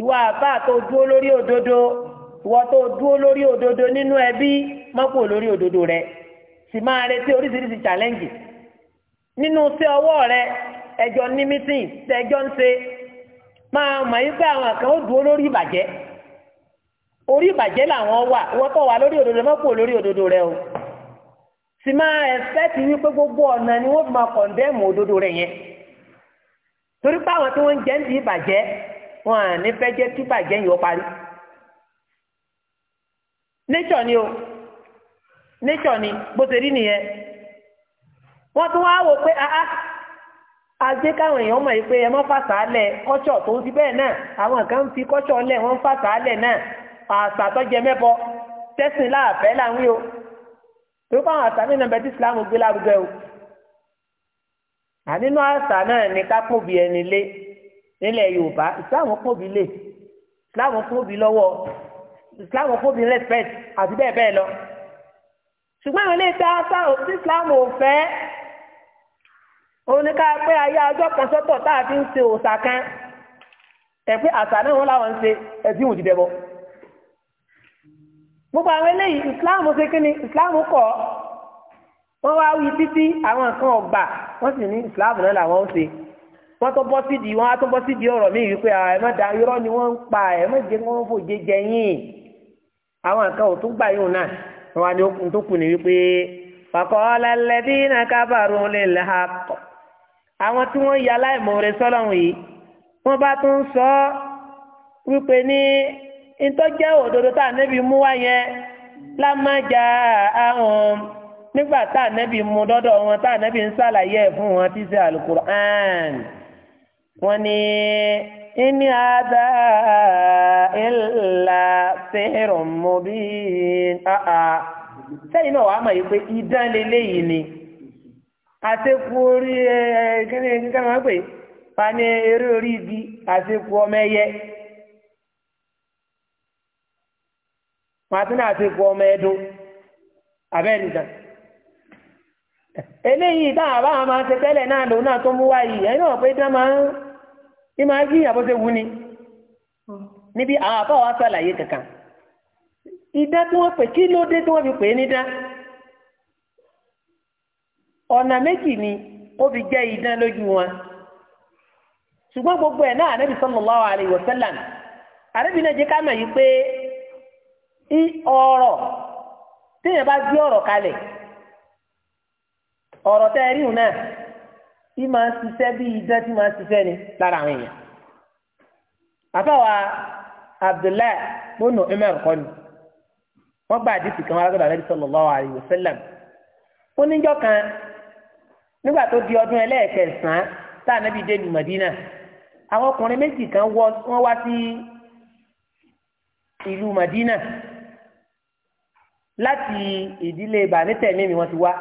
ìwà àbá tó dúró lórí òdodo ìwà tó dúró lórí òdodo nínú rẹ sì máa retí oríṣiríṣi challenge nínú ọwọ́ rẹ ẹjọ́ ní mítìn tẹ́jọ́ ń ṣe máa mọ̀ yín pé àwọn kan ó dúró lórí ìbàjẹ́ orí ìbàjẹ́ làwọn wà wọ́n tó wà lórí òdodo mọ́pò lórí òdodo rẹ o sì máa ẹ̀fẹ́tì wípé gbogbo ọ̀nà ni wọ́n fi máa kọ̀ndẹ́ẹ̀mù òdodo rẹ yẹn torí pé àwọn tí wọ́n ń jẹ́ ń di ìbàjẹ́ wọn à ní fẹ́ jẹ́ kí ìbàjẹ́ yìí ó parí nature ni o nature ni bó ṣe rí nìyẹn wọ́n tún wá wò pé ah ah àti káwọn èèyàn mọ̀ pé ẹ mọ́ fàṣàlẹ̀ kọ́ṣọ̀ tó ti bẹ́ẹ̀ náà àwọn kan fi kọ́ṣọ̀ lẹ̀ wọ́n fàṣàlẹ̀ náà àṣà tó jẹ mẹ́bọ tẹ́sìn láàfẹ́ láwí o tó fáwọn àṣà mi nàbẹ́ tí Islam gbé lárugẹ o ànínú àṣà náà ni ká pòbí ẹni lé nílẹ̀ Yorùbá Islam pòbí lé Islam pòbí lọ́wọ́ Islam pòbí respect àti bẹ́ẹ̀ bẹ́ẹ̀ lọ ṣùgbọ́n àwọn ilé ìta àṣà òsì Islam ò fẹ́ òun ni ká pé ayé ọjọ́ kan sọ́tọ̀ fi ń se òòṣà kan ẹ̀ pé náà wọn làwọn ń ṣe ẹ̀sìn òjì dẹ̀bọ̀ gbogbo àwọn eléyìí Islam ṣe kí ni kọ́ wọ́n wá wí títí àwọn nǹkan ọ̀gbà wọ́n sì ní Islam náà làwọn ń se wọ́n tó bọ́ sídìí wọ́n á tó bọ́ sídìí ọ̀rọ̀ mi wípé da irọ́ ni wọ́n pa ẹ jẹ́ wọ́n fòjé jẹ yín àwọn nǹkan ò tún gbà náà wọ́n wá ní okùn tó kù ní wípé àwọn tí wọ́n ya aláìmọ̀ rẹ sọ́lọ́run yìí wọ́n bá tún sọ ọ́ wípé ní ntọ́jẹ́ òdodo tá ànẹ́bí mú wá yẹn lámájà ahùn nígbà tá ànẹ́bí mú dọ́dọ̀ wọn tá ànẹ́bí ń ṣàlàyé ẹ̀ fún wọn tí í ṣe alukur'an wọ́n ní inni ada illa sihrun mubin ah, ah. sẹ́yìn náà wàá mọ̀ yìí pé idán ni. àtẹ́kù orí e kíni kíkà máa pè pa ni eré orí ibi àtẹ́kù ọmọ ẹyẹ wọn àti ní àtẹ́kù ọmọ ẹdun abẹ́ nìkan eléyìí táwọn àbáwọn máa ṣe tẹ́lẹ̀ náà lòun náà tó mú wá yìí ẹ̀yin náà pé tí wọ́n máa ń máa kí ìyàbọ̀ ṣe wú ni níbi àwọn àbáwọ̀ á sàlàyé kankan ìdá tí wọ́n pè kí ló dé tí wọ́n fi pè ọ̀nà méjì ni ó fi jẹ́ idán lójú wọn ṣùgbọ́n gbogbo ẹ̀ náà ànábì sallallahu alaihi wasallam ànábì náà jẹ́ ká mọ̀ yìí pé ọ̀rọ̀ téèyàn bá gbé ọ̀rọ̀ kalẹ̀ ọ̀rọ̀ tẹ́ ẹ ríhùn náà tí máa ń ṣiṣẹ́ bí idán tí máa ń ṣiṣẹ́ ni lára àwọn èèyàn Abdullahi bónú emir kọ́ni wọ́n gba àdìsí kan wá lọ́dọ̀ ànábì kan nígbà tó di ọdún ẹlẹ́ẹ̀kẹsàn-án tá ànábì dé lu Mẹdínà àwọn ọkùnrin méjì kan wọ́n wá sí ìlú Mẹdínà láti ìdílé bàánítẹ̀mí mi wọ́n ti wá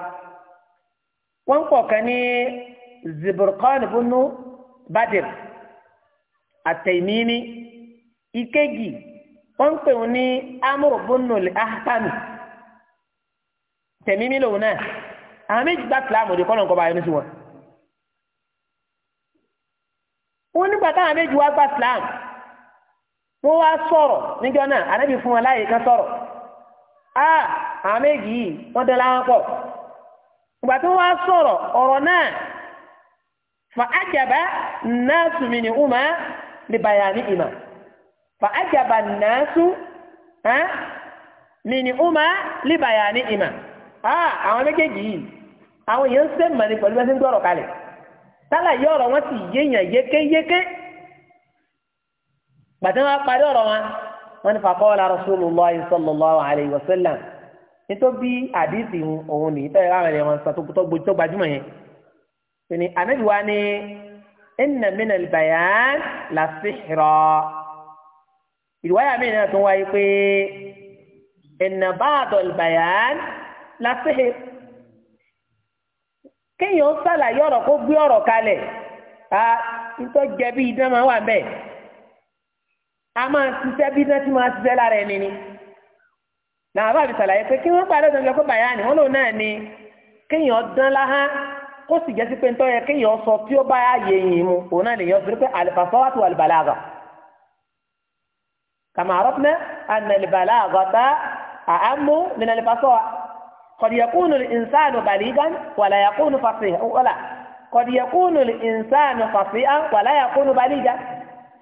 wọ́n pọ̀ kan ní ziburkan bunu badir àtẹ̀mímí ìkejì wọ́n pè wọ́n ní amúrò bunu ahkami tẹ̀mímí lòun náà àwọn méjì gba sílámù òde kọ́nà kọ́ba ẹni sí wọn. wọ́n nígbà táwọn méjì wá gba sílámù wọ́n wá sọ̀rọ̀ níjọ́ náà ànábì fún wọn láàyè kan sọ̀rọ̀ a àwọn méjì yìí wọ́n dán láwọn pọ̀ ìgbà tí wọ́n wá sọ̀rọ̀ ọ̀rọ̀ náà fa ajaba nnasu mini uma li bayani ima fa ajaba nnasu mini uma li bayani ima Ah, àwọn méjèèjì yìí àwọn èèyàn ń sẹ́mọ̀ ní pẹ̀lú bẹ́sẹ̀ ń gbọ́rọ̀ kalẹ̀ sálàyé ọ̀rọ̀ wọn sì yéèyàn yékéyéké gbàtí wọn parí ọ̀rọ̀ wọn wọn ní faqala Rasulullah sallallahu alayhi wa sallam nítorí àdìsí òun nìyí tẹ́lẹ̀ láwọn ẹ̀rọ sọ tó gbajúmọ̀ yẹn sini anabi wa ni inna min albayan la sihra ìwáyà mi náà tún wáyé pé inna ba'd albayan la kéèyàn ó sàlàyé ọ̀rọ̀ kó gbé ọ̀rọ̀ kalẹ̀ a nítorí jẹ́ bí idán máa wà bẹ́ẹ̀ a máa ṣiṣẹ́ bí idán ti máa ṣiṣẹ́ lára ẹni ni làwọn bá mi sàlàyé pé kí wọ́n parí ọ̀dọ́ ìjọba bàyá ni wọ́n lòun náà ni kéèyàn dán láhán kó sì jẹ́ sí pé nítorí yẹ kéèyàn sọ tí ó bá yẹ yìí mu òun náà lè yọ sí pé àlùfàfọ́ wà tó àlùbàlàgà kàmá àrọ́pẹ́ àná àlùbàlàgà tá àámú nínú àlùfàfọ́ قد يكون الإنسان بليغا ولا يكون فصيحا ولا قد يكون الإنسان فصيحا ولا يكون بليغا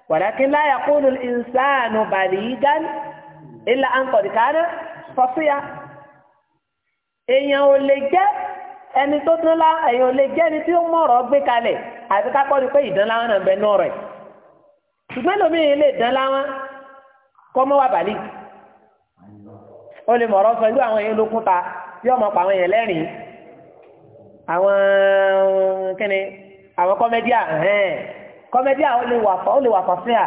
ولكن لا يكون الإنسان بليغا إلا أن قد كان فصيحا èèyàn ò lè jẹ́ ẹni tó tún lá èèyàn ò lè jẹ́ ẹni tí ó mọ̀rọ̀ gbé kalẹ̀ àti ká kọ́ni pé ìdán láwọn náà bẹ náà rẹ̀ ṣùgbọ́n lómìnirin lè dán láwọn kọ́ bàlí o lè mọ̀rọ̀ sọ ìlú àwọn èèyàn lókun ta tí ọmọ pa àwọn èèyàn lẹ́rìn àwọn kíni àwọn kọ́mẹ́díà kọ́mẹ́díà ó lè wà fọ́ ó lè wà fọ́ sí à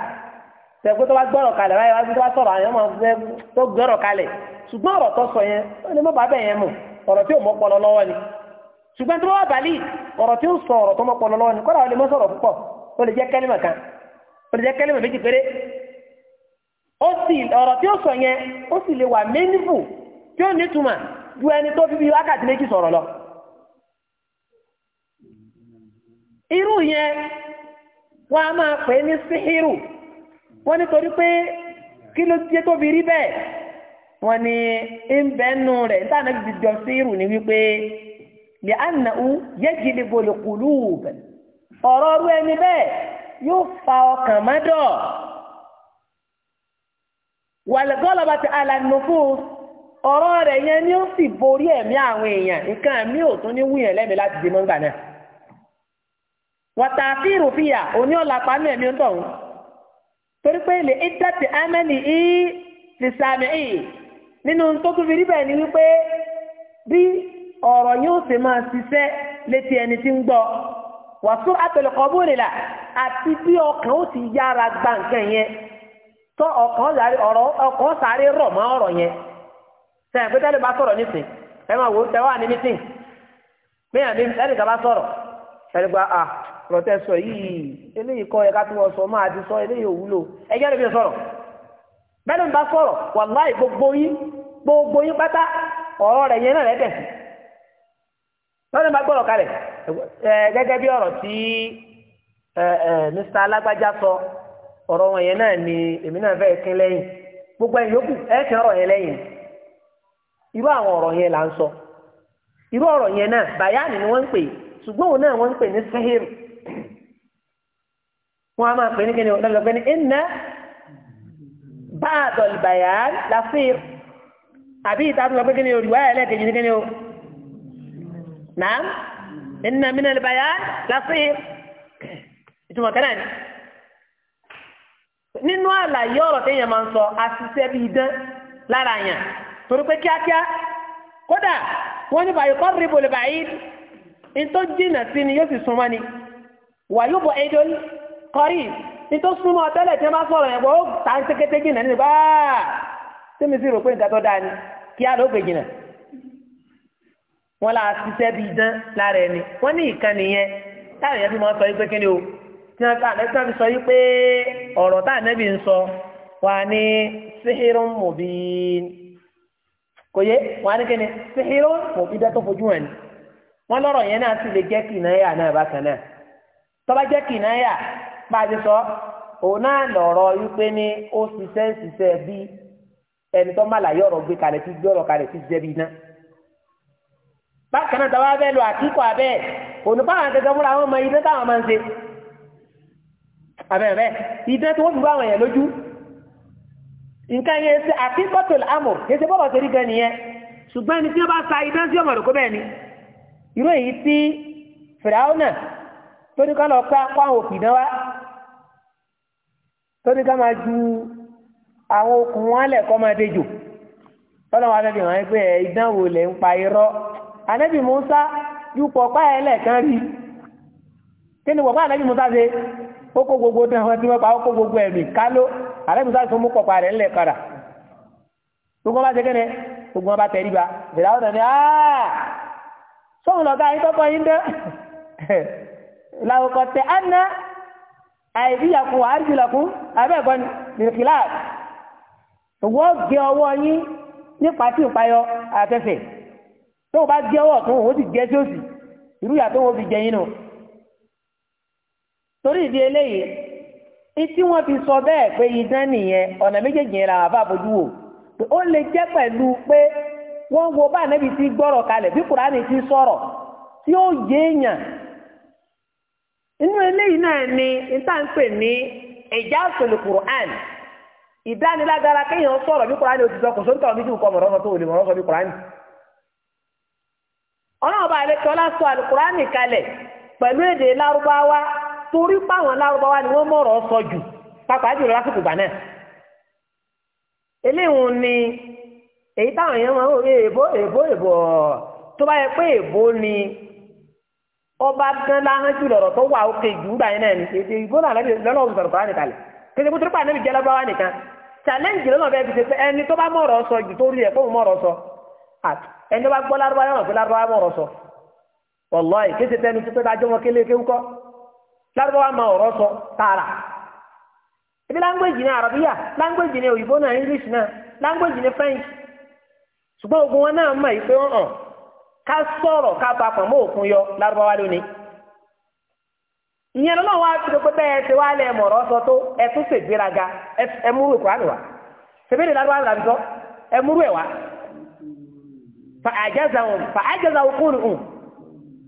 tẹ̀gbẹ́ tó bá gbọ́rọ̀ kalẹ̀ báyìí wá tó bá sọ̀rọ̀ àwọn ọmọ ẹgbẹ́ tó gbọ́rọ̀ kalẹ̀ ṣùgbọ́n ọ̀rọ̀ tó sọ yẹn ó lè mọ́ bàbá yẹn mọ̀ ọ̀rọ̀ tí ò mọ́ pọlọ lọ́wọ́ ni ṣùgbọ́n tó bá bàálì ọ̀rọ̀ tí ó sọ ọ̀rọ̀ tó mọ́ pọlọ lọ́wọ́ ni kọ́dà ó lè mọ́ sọ̀rọ̀ púpọ̀ ó lè jẹ́ kẹ́límà kan ó lè jẹ́ kẹ́límà méjì péré ó sì ọ̀rọ̀ tí ó sọ yẹn ó sì lè wà mẹ́nífù tí ó nítumọ̀ ju ẹni tó fi bí wákàtí méjì sọ̀rọ̀ lọ irú yẹn wọ́n a máa pè ní síhírù wọ́n nítorí pé kí ló jẹ́ tóbi rí bẹ́ẹ̀ wọ́n ní ń bẹ́ẹ̀nu rẹ̀ níta náà jọ síhírù ni wípé lè ànàú yẹ́gìlì bòlò kùlù ọ̀rọ̀ ọrú ẹni bẹ́ẹ̀ yóò fa ọkàn mọ́dọ̀ wàlẹ̀ gọ́lọ́bà ọ̀rọ̀ rẹ̀ yẹn ni ó sì borí ẹ̀mí àwọn èèyàn nǹkan ẹ̀mí ò tún ní wúyàn lẹ́mìí láti di mọ́ngà náà wọ̀tà fíìrù fìyà òní ọ̀làpá ní ẹ̀mí ọ̀tọ̀ ọ̀hún torí pé ilé ìtẹ́tì amẹ́ni í ti sàmì nínú tó tún fi rí bẹ́ẹ̀ ni wípé bí ọ̀rọ̀ yóò ṣe máa ṣiṣẹ́ létí ẹni tí ń gbọ́ wàásù àtẹlẹkọ̀ọ́bù nìlà àti bí ọkàn ó ti yára gba nǹkan yẹn tó ọkàn sáré rọ̀ mọ́ ọ̀rọ̀ yẹn sẹ pé tẹ́lẹ̀ bá sọ̀rọ̀ nísìn ẹ máa wò ó tẹ́wọ́ àní mítìn míyàn ẹnì kan bá sọ̀rọ̀ ẹnì gba à rọ̀tẹ́ sọ yìí eléyìí kọ́ ẹ̀ka tí wọ́n sọ máa ti sọ eléyìí òwúlò ẹjẹ́ rẹ̀ fi sọ̀rọ̀ bẹ́ẹ̀ ni bá sọ̀rọ̀ gbogbo yín gbogbo yín pátá ọ̀rọ̀ rẹ̀ yẹn náà rẹ̀ tẹ̀sí lọ́nà bá kalẹ̀ gẹ́gẹ́ bí ọ̀rọ̀ tí Mr. alágbájá sọ ọ̀rọ̀ wọn yẹn náà ni èmi náà fẹ́ kín lẹ́yìn gbogbo ẹ̀ kín ọ̀rọ̀ yẹn lẹ́yìn irú àwọn ọ̀rọ̀ yẹn là ń sọ irú ọ̀rọ̀ yẹn náà bàyáàni ni wọ́n ń pè ṣùgbọ́n òun náà wọ́n ń pè ní sẹ́hìrì wọ́n á máa pè ní kíni ọ̀dọ́ lọ́gbẹ́ni iná báàdọ̀lì bàyáàni láfíìr àbí ìtàkùn lọ́gbẹ́ kíni òrìwá ẹlẹ́ẹ̀kejì ní kíni o náà iná mínà bàyáàni láfíìr ìtumọ̀ kẹ́nà ni nínú àlàyé ọ̀rọ̀ téèyàn máa ń sọ àṣìṣe bíi dán lára yàn torí pé kíákíá kódà wọ́n ní báyìí kọ́ọ̀rì bòlè báyìí nítorí jìnnà sí ni yóò sì súnmọ́ ni wà yóò bọ̀ ẹjọ́ kọ́rí nítorí súnmọ́ tẹ́lẹ̀ tí wọ́n bá sọ̀rọ̀ yẹn bọ́ ó ta ń sékété jìnnà nínú báà tẹ́mi sì rò pé nǹkan dáa ni kíá ló gbé jìnnà wọ́n la ṣiṣẹ́ bíi dán lára ẹni wọ́n ní ìkànnì yẹn táwọn yẹn fi máa sọ yí pé kí o tí wọ́n ká lẹ́sìn fi sọ yí pé ọ̀rọ̀ táwọn ẹbí ń sọ wà ní síhírùn mùbín kò yé wọn á ní sihiro kò bí dẹ́tọ́ fojú hàn wọn lọ́rọ̀ yẹn náà sì lè jẹ́ náà náà sọ òun náà lọ̀rọ̀ wípé ní ó ṣiṣẹ́ ṣiṣẹ́ bí ẹni tó má láyé gbé kalẹ̀ tí gbé kalẹ̀ tí jẹ́ bí iná bákan náà tọ́ba bẹ́ẹ̀ lọ àkíkọ̀ nǹkan yẹn ṣe àkíkọ́tòlù amọ̀ yẹn ṣe bọ́bọ̀ torí gan nìyẹn ṣùgbọ́n ẹni tí wọ́n bá sa idán sí ọmọ ìrọ̀kọ́ bẹ́ẹ̀ ni irú èyí tí fìràwọ́nà torí ká lọ pa àwọn òkè náà wá torí ká máa ju àwọn okùn wọn lẹ̀ kọ́ máa dejò ọlọ́wọ́ anábì wọn pé idán wo lẹ̀ ń pa irọ́ anábì Musa yúpọ̀ páyẹ̀ lẹ̀ kan rí i kí ni wọ̀pá àlẹ́bí musa ṣe ó kó gbogbo tí wọ́n ti wọ́n pa ó kó gbogbo ẹ̀mí kálọ́ àlẹ́bí musa ṣe mú kọ̀pá rẹ̀ ńlẹ̀ padà gbogbo wọn bá ṣe kẹ́nẹ̀ gbogbo wọn bá tẹ̀rí ba ìdá ọ̀nà ni sọ́hun lọ́gá yín tọ́kọ yín dẹ́ làwùkọ̀ tẹ̀ àná àìdíyàkùn àríjìlàkùn abẹ́ẹ̀kọ́ nìkìlá wọ́n gé ọwọ́ yín nípa tí ìpayọ àtẹ̀fẹ̀ tó o bá gé ọwọ́ tó o ti gé sí òsì ìrúyà tó o fi jẹ yín nù. torí ìdí eléyìí tí wọ́n fi sọ bẹ́ẹ̀ pé idán nìyẹn ọ̀nà méjèèjì yẹn làwọn bá bójú wò ó lè jẹ́ pẹ̀lú pé wọ́n wo bá ànábì ti gbọ́rọ̀ kalẹ̀ bí kùránì ti sọ̀rọ̀ tí ó yé èèyàn inú eléyìí náà ni níta ń pè ní ìjà òṣèlú kùrán ìdánilágara kéèyàn sọ̀rọ̀ bí kùránì òtítọ́ kò sóńtọ̀ ọ̀bí tí kò kọ́ tó wòlé mọ̀rọ́ sọ sọ àlùkùránì kalẹ̀ pẹ̀lú èdè lárúbáwá torí páwọn lárúbáwá ni wọ́n mọ̀rọ̀ sọ jù pàápàá jùlọ lásìkò ìgbà náà eléwọn ni èyí táwọn èèyàn máa ń wòye èbó èbó èbó tó bá yẹ pé èbó ni ọba gán láhán jùlọ ọ̀rọ̀ tó wà òkè jù gbà yẹn náà ni èdè ìbó náà lọ́nà òun sọ̀rọ̀ kọ́ra nìkalẹ̀ kéde bó torí pàánù ìjẹ́ lárúbáwá nìkan challenge lọ́nà bẹ́ẹ̀ fi ṣe pé ẹni tó bá mọ̀rọ̀ sọ jù tó rí ẹ̀ pé òun mọ̀rọ̀ sọ ẹni tó bá gbọ́ lárúbáwá náà pé lárúbáwá mọ̀rọ̀ sọ wọ́lọ́ lárúbáwá máa ọ̀rọ̀ sọ tààrà ebi language ní arabiya language ní òyìnbó náà english náà language ní french ṣùgbọ́n ogun wọn náà mọ̀ yìí pé hàn ká sọ̀rọ̀ ká bá pọ̀ mọ́ yọ lárúbáwá lónìí ìyẹn lọ́nà wa ti pé bẹ́ẹ̀ ṣe wá lẹ́ mọ̀ ọ̀rọ̀ sọ tó ṣe gbéraga fa àjẹsà òun fa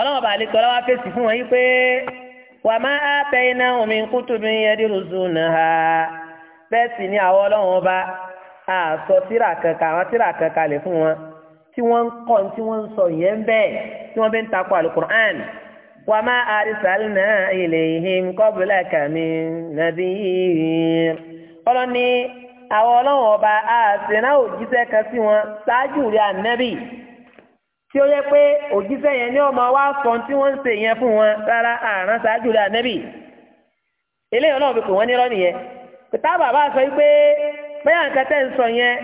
ọlọ́wọ́n bá lè tọ́lá wá fèsì fún wọn yí pé wà má á tẹ iná omi kútu mi yẹ dé rozu nà ha bẹ́ẹ̀ sì ni àwọn ọlọ́wọ́n bá a sọ tíra kankan àwọn tíra kankan lè fún wọn tí wọ́n ń kọ́ tí wọ́n ń sọ yẹn bẹ́ẹ̀ tí wọ́n bẹ́ ń takò alukur'an wà má a náà ilé ihim kọ́bùlà kàmi nàbí ọlọ́ni àwọn ọlọ́wọ́n bá a sì náà òjíṣẹ́ kan sí wọn ṣáájú rí ànábì tí ó yẹ pé òjíṣẹ́ yẹn ní ọmọ wa sọ tí wọ́n ń ṣe yẹn fún wọn rárá àrùn ṣáájú rẹ̀ ànẹ́bì eléyìí náà fi pè wọ́n nírọ́ nìyẹn kìtá bàbá sọ pé bẹ́ẹ̀ nǹkan tẹ́ ń sọ yẹn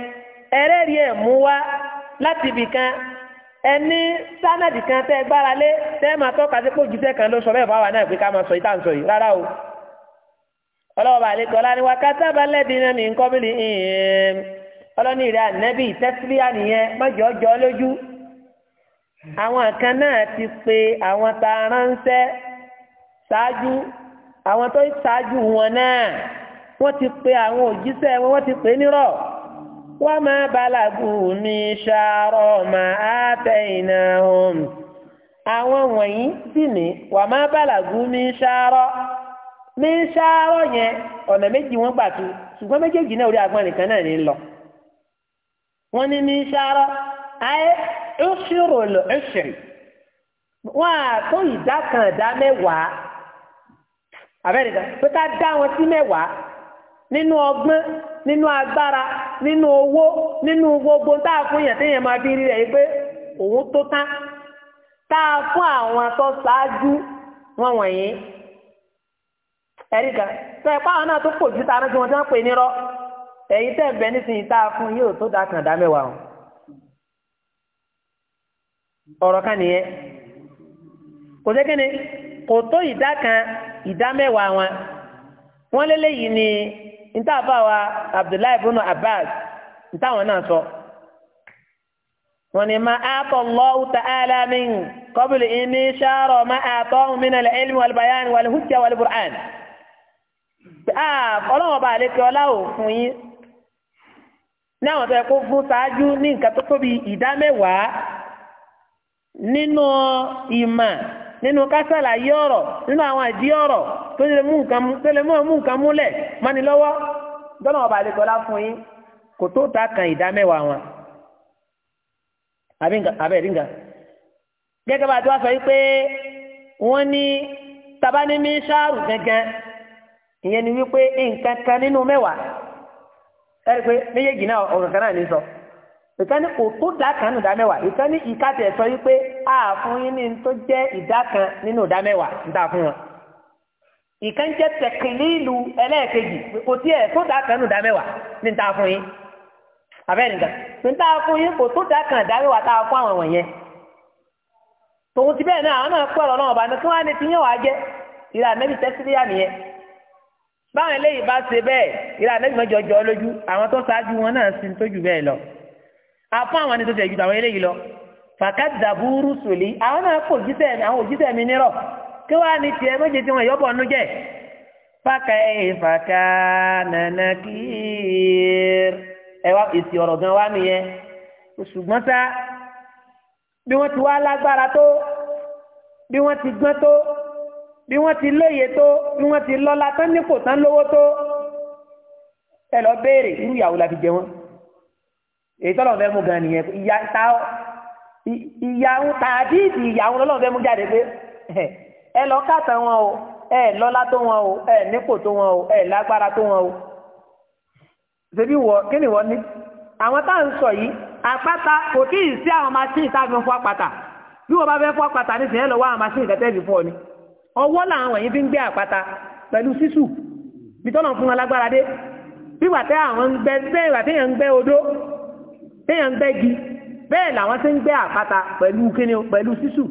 ẹlẹ́rìí ẹ̀ mú wá láti ibì kan ẹni sánàdì kan tẹ́ gbára lé tẹ́ máa tọ́ka sí pé òjíṣẹ́ kan ló sọ bẹ́ẹ̀ fáwa náà pé ká máa sọ yìí tá à ń sọ yìí rárá o ọlọ́wọ́ bá lè kọ́lá ni wà kátàbà lẹ́dínà mi ń kọ́ bí ni ọlọ́ni ìrẹ́ ànẹ́bì tẹ́sílíà nìyẹn mọ́jọ́jọ́ lójú àwọn kan náà ti pe àwọn tá a ránṣẹ́ ṣáájú àwọn tó ṣáájú wọn náà wọ́n ti pe àwọn òjíṣẹ́ wọn wọ́n ti pè nírọ́ wọ́n máa balagu mi ṣàárọ̀ máa tẹ̀ iná hàn àwọn wọ̀nyí sì ní wọ́n máa balagu mi ṣàárọ̀ mi ṣàárọ̀ yẹn ọ̀nà méjì wọ́n gbà tu ṣùgbọ́n méjèèjì náà orí agbọ́n nìkan náà ní lọ wọ́n ní mi ṣàárọ̀ ayé. ẹ̀ṣọ́rọ̀ lọ wọ́n á tó ìdá kan ìdá mẹ́wàá pé dá wọn sí mẹ́wàá nínú ọgbọ́n nínú agbára nínú owó nínú gbogbo tá a fún tí yẹn máa bí rírẹ̀ yìí pé tó tán tá a àwọn tó ṣáájú wọn wọ̀nyí ẹ̀ríkà pa àwọn náà tó ọ̀rọ̀ kan nìyẹn kò sí kíni kò tó ìdá kan ìdá mẹ́wàá wọn wọ́n ni ntaaba wa Abdullahi na Abbas ntaawọn náà sọ wọn ni ma aatọ Allahu ta'ala min qabli inni sharo ma aatọ min al-ilmi wal-bayan wal-hujja wal-Qur'an ọlọ́wọ́n bá àlejò ọlá yín ní àwọn tó yẹ kó fún ṣáájú ní nǹkan tó tóbi ìdá mẹ́wàá. nínú ìmà nínú kásàlàyé nínú àwọn àdí ọ̀rọ̀ tó lè mú nǹkan tó lè mú nǹkan múlẹ̀ mọ́ni lọ́wọ́ dọ́nà ọba àdékọ́lá fún yín kò tó ta kan ìdá mẹ́wàá wọn. àbẹ̀ gẹ́gẹ́ bá a ti wá sọ yìí pé wọ́n ní ṣáàrù gẹ́gẹ́ ìyẹn ni wípé nǹkan kan nínú pé méjèèjì náà náà sọ. ìkan ní kò tó dá kan nínú mẹ́wàá ìkan ní ìka tẹ̀ pé a fún yín ní tó jẹ́ ìdá kan nínú ìdá mẹ́wàá ń dà fún wọn. ìkan jẹ́ tẹ̀kìlílù ẹlẹ́ẹ̀kejì kò tí ẹ̀ tó dá kan nínú ìdá mẹ́wàá ní ta fún yín. àbẹ́ nìkan ní ta fún yín kò tó dá kan ìdá mẹ́wàá tá a fún àwọn wọ̀nyẹn. tòun ti bẹ́ẹ̀ náà àwọn náà pọ̀ lọ́nà ọ̀bà ni kí wọ́n á ní ti yín wàá báwọn eléyìí bá ṣe bẹ́ẹ̀ ìlà nẹ́bí jọ lójú àwọn tó ṣáájú wọn náà sì ń tójú bẹ́ẹ̀ lọ apá àwọn ẹni tó tẹ̀ ju tàwọn eléyìí lọ fàkàdàbù rúṣùlì àwọn náà kò jíṣẹ́ mi àwọn òjíṣẹ́ mi nírọ̀ kí wàá ní tiẹ̀ méje tí wọ́n yọ́ bọ̀ ọ́nú jẹ́ fàkà ẹ̀ fàkà nànà kíir ẹ wá èsì ọ̀rọ̀ gan wá nìyẹn ṣùgbọ́n sá bí wọ́n ti wá lágbára tó bí wọ́n ti gbọ́n tó bí wọ́n ti lóye tó bí wọ́n ti lọ́lá tán nípò tán lówó tó ẹ lọ béèrè irú ìyàwó la fi jẹ wọ́n èyí tọ́lọ̀ fẹ́ mú gan nìyẹn ìyá ta ìyá ń ta àdíìsì ìyá ń lọ́lọ́ fẹ́ mú jáde pé ẹ lọ káàtà wọn o ẹ lọ́lá tó wọn o ẹ nípò tó wọn o ẹ lágbára tó wọn o ṣebí wọ kí ni wọ́n ní àwọn tá à ń sọ yìí àpáta kò tí ì sí àwọn machine tá a fi ń fọ́ àpáta bí wọ́n bá fẹ́ fọ́ àpáta ní ìsìnyẹ́ lọ́wọ́ àwọn machine tẹ́tẹ́ fi fọ́ ni ọwọ́ làwọn wọ̀nyí fi ń gbé àpáta pẹ̀lú sísù bí tọ́lọ̀ fún wọn lágbára dé bí wàtẹ́ àwọn ń gbẹ́ bẹ́ẹ̀ wàtẹ́ yẹn ń gbẹ́ odó téèyàn ń gbẹ́ gi bẹ́ẹ̀ làwọn ti ń gbẹ́ àpáta pẹ̀lú kíni pẹ̀lú sísù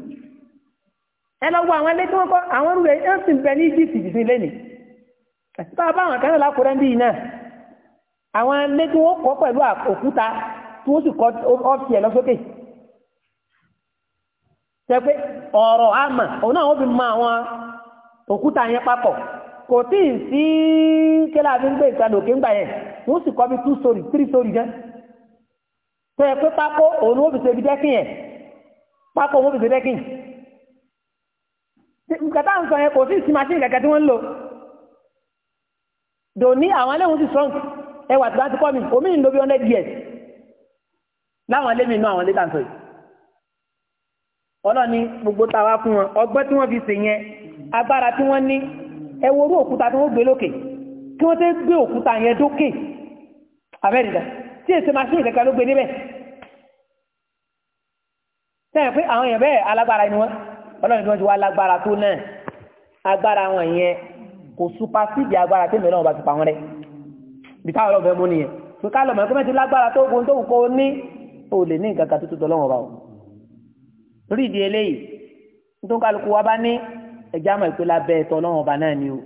ẹ lọ wọ àwọn ilé tí wọ́n kọ́ àwọn rúbẹ̀ ẹ̀ ń bẹ ní Egypt ìdílé lẹ́nìí bá a bá àwọn kan náà lákòrẹ́ àwọn ilé tí wọ́n kọ́ pẹ̀lú òkúta tí wọ́n sì kọ́ ọ́fì ẹ̀ pé ọ̀rọ̀ àmà òun náà wọ́n fi mọ àwọn tó yẹ pé pákó òun ó fi ṣe ibi dẹ́kìn yẹn pákó òun ó fi ṣe dẹ́kìn nǹkan táwọn sọ yẹn kò sí ìsìn machine kẹ̀kẹ́ tí wọ́n ń lò dòní àwọn ẹlẹ́wọ̀n ti strong ẹwà tí wọ́n ti kọ́ mi omi ń lo bí hundred years láwọn ẹlẹ́mì inú àwọn létà ń sọ yìí ọlọ́ni gbogbo fún wọn ọgbọ́n tí wọ́n fi ṣe yẹn agbára tí wọ́n ní ẹ wo orú òkúta tí wọ́n gbé lókè kí wọ́n tẹ́ gbé òkúta yẹn dókè Amẹ́ríkà tí èsè machine kankan ló gbé débẹ̀ sẹ́yìn pé àwọn èèyàn bẹ́ẹ̀ alágbára ni wọ́n ọlọ́run tí wọ́n ti wá lágbára tó náà agbára wọn yẹn kò supasíìdì agbára tí mẹ́rin ọba ti pa wọn rẹ̀ bí táwọn ọlọ́run fẹ́ mú nìyẹn pé ká lọ́mọ ẹgbẹ́ ti lágbára tó ogun tó kó ní o lè ní nǹkan kan ni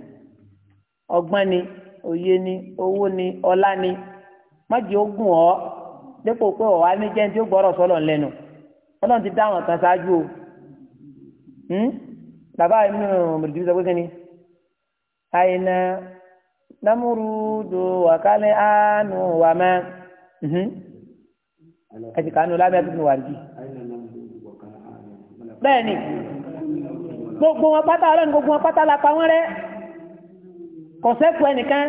ọgbọ́n ni òye ni owó ni ọlá ni májì ogun ọ dépò pé ọwọ anijẹ tí ó gbọrọ sọlọ lẹ́nu Ọlọ́run ti dá àwọn kan ṣáájú o hmm? bàbá mi nínú mọlìdìbí sọ pé kíni àyìnà namurudu wàkálẹ àánú wàmẹ hmm? ẹsì kanu lábẹ tó ti wà níbí. bẹ́ẹ̀ni gbogbo wọn pátá Ọlọ́run gbogbo wọn pátá la pa wọn rẹ́ kọsẹkù ẹnìkan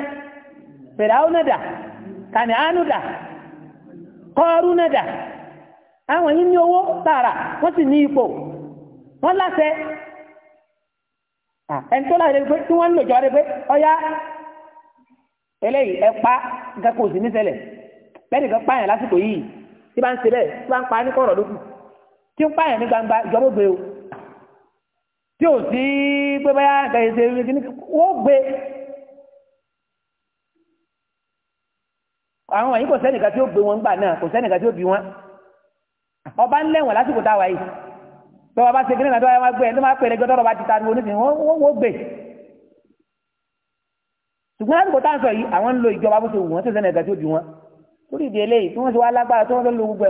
fèrè àwọn náà dà. kànáánù dà kọ́ọ̀rúnà dà àwọn yìí ní owó tààrà wọ́n sì ní ipò wọ́n entola ẹni tó láṣẹ pé tí wọ́n ń lò jọ rẹ pé ọyá eléyìí ẹ nǹkan kò sí bẹ́ẹ̀ni kan pààyàn lásìkò yìí tí bá ń ṣe bẹ́ẹ̀ tí bá ń pa ní kọ̀rọ̀ lókù tí ń pààyàn ní gbangba ìjọba o tí ò sí pé báyà nǹkan àwọn wọ̀nyí kò sẹ́nìkan tí ó gbé wọn gbà náà kò sẹ́nìkan tí ó bí wọn ọba ń lẹ́wọ̀n lásìkò tá yìí tọ́wọ́ bá ṣe kí nínú àdúrà wọn gbé ẹ̀ ló máa pèlè gbọ́dọ̀ bá ti ta ni oníṣẹ́ wọn wọ́n gbé ṣùgbọ́n lásìkò tá à ń sọ yìí àwọn ń lo ìjọba bó ṣe wù wọ́n tó sẹ́nìkan tí ó bí wọn torí ìdí eléyìí tí wọ́n ṣe wá lágbára tí wọ́n lọ lo gbogbo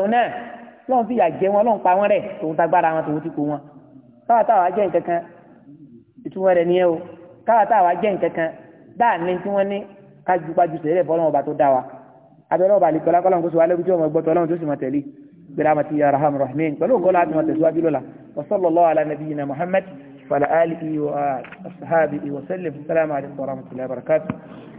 ẹ̀hún wọn lọ́n abẹ́rẹ́ ọba àlìkọ́lá kọ́lá kó sì wá lẹ́rú tí ọmọ gbọ́tọ̀ ọlọ́run tó sì máa tẹ̀lé برحمة يا رحم الرحمن بلو قول عدم تسواب لولا وصلى الله على نبينا محمد وعلى آله وأصحابه وسلم السلام عليكم ورحمة الله وبركاته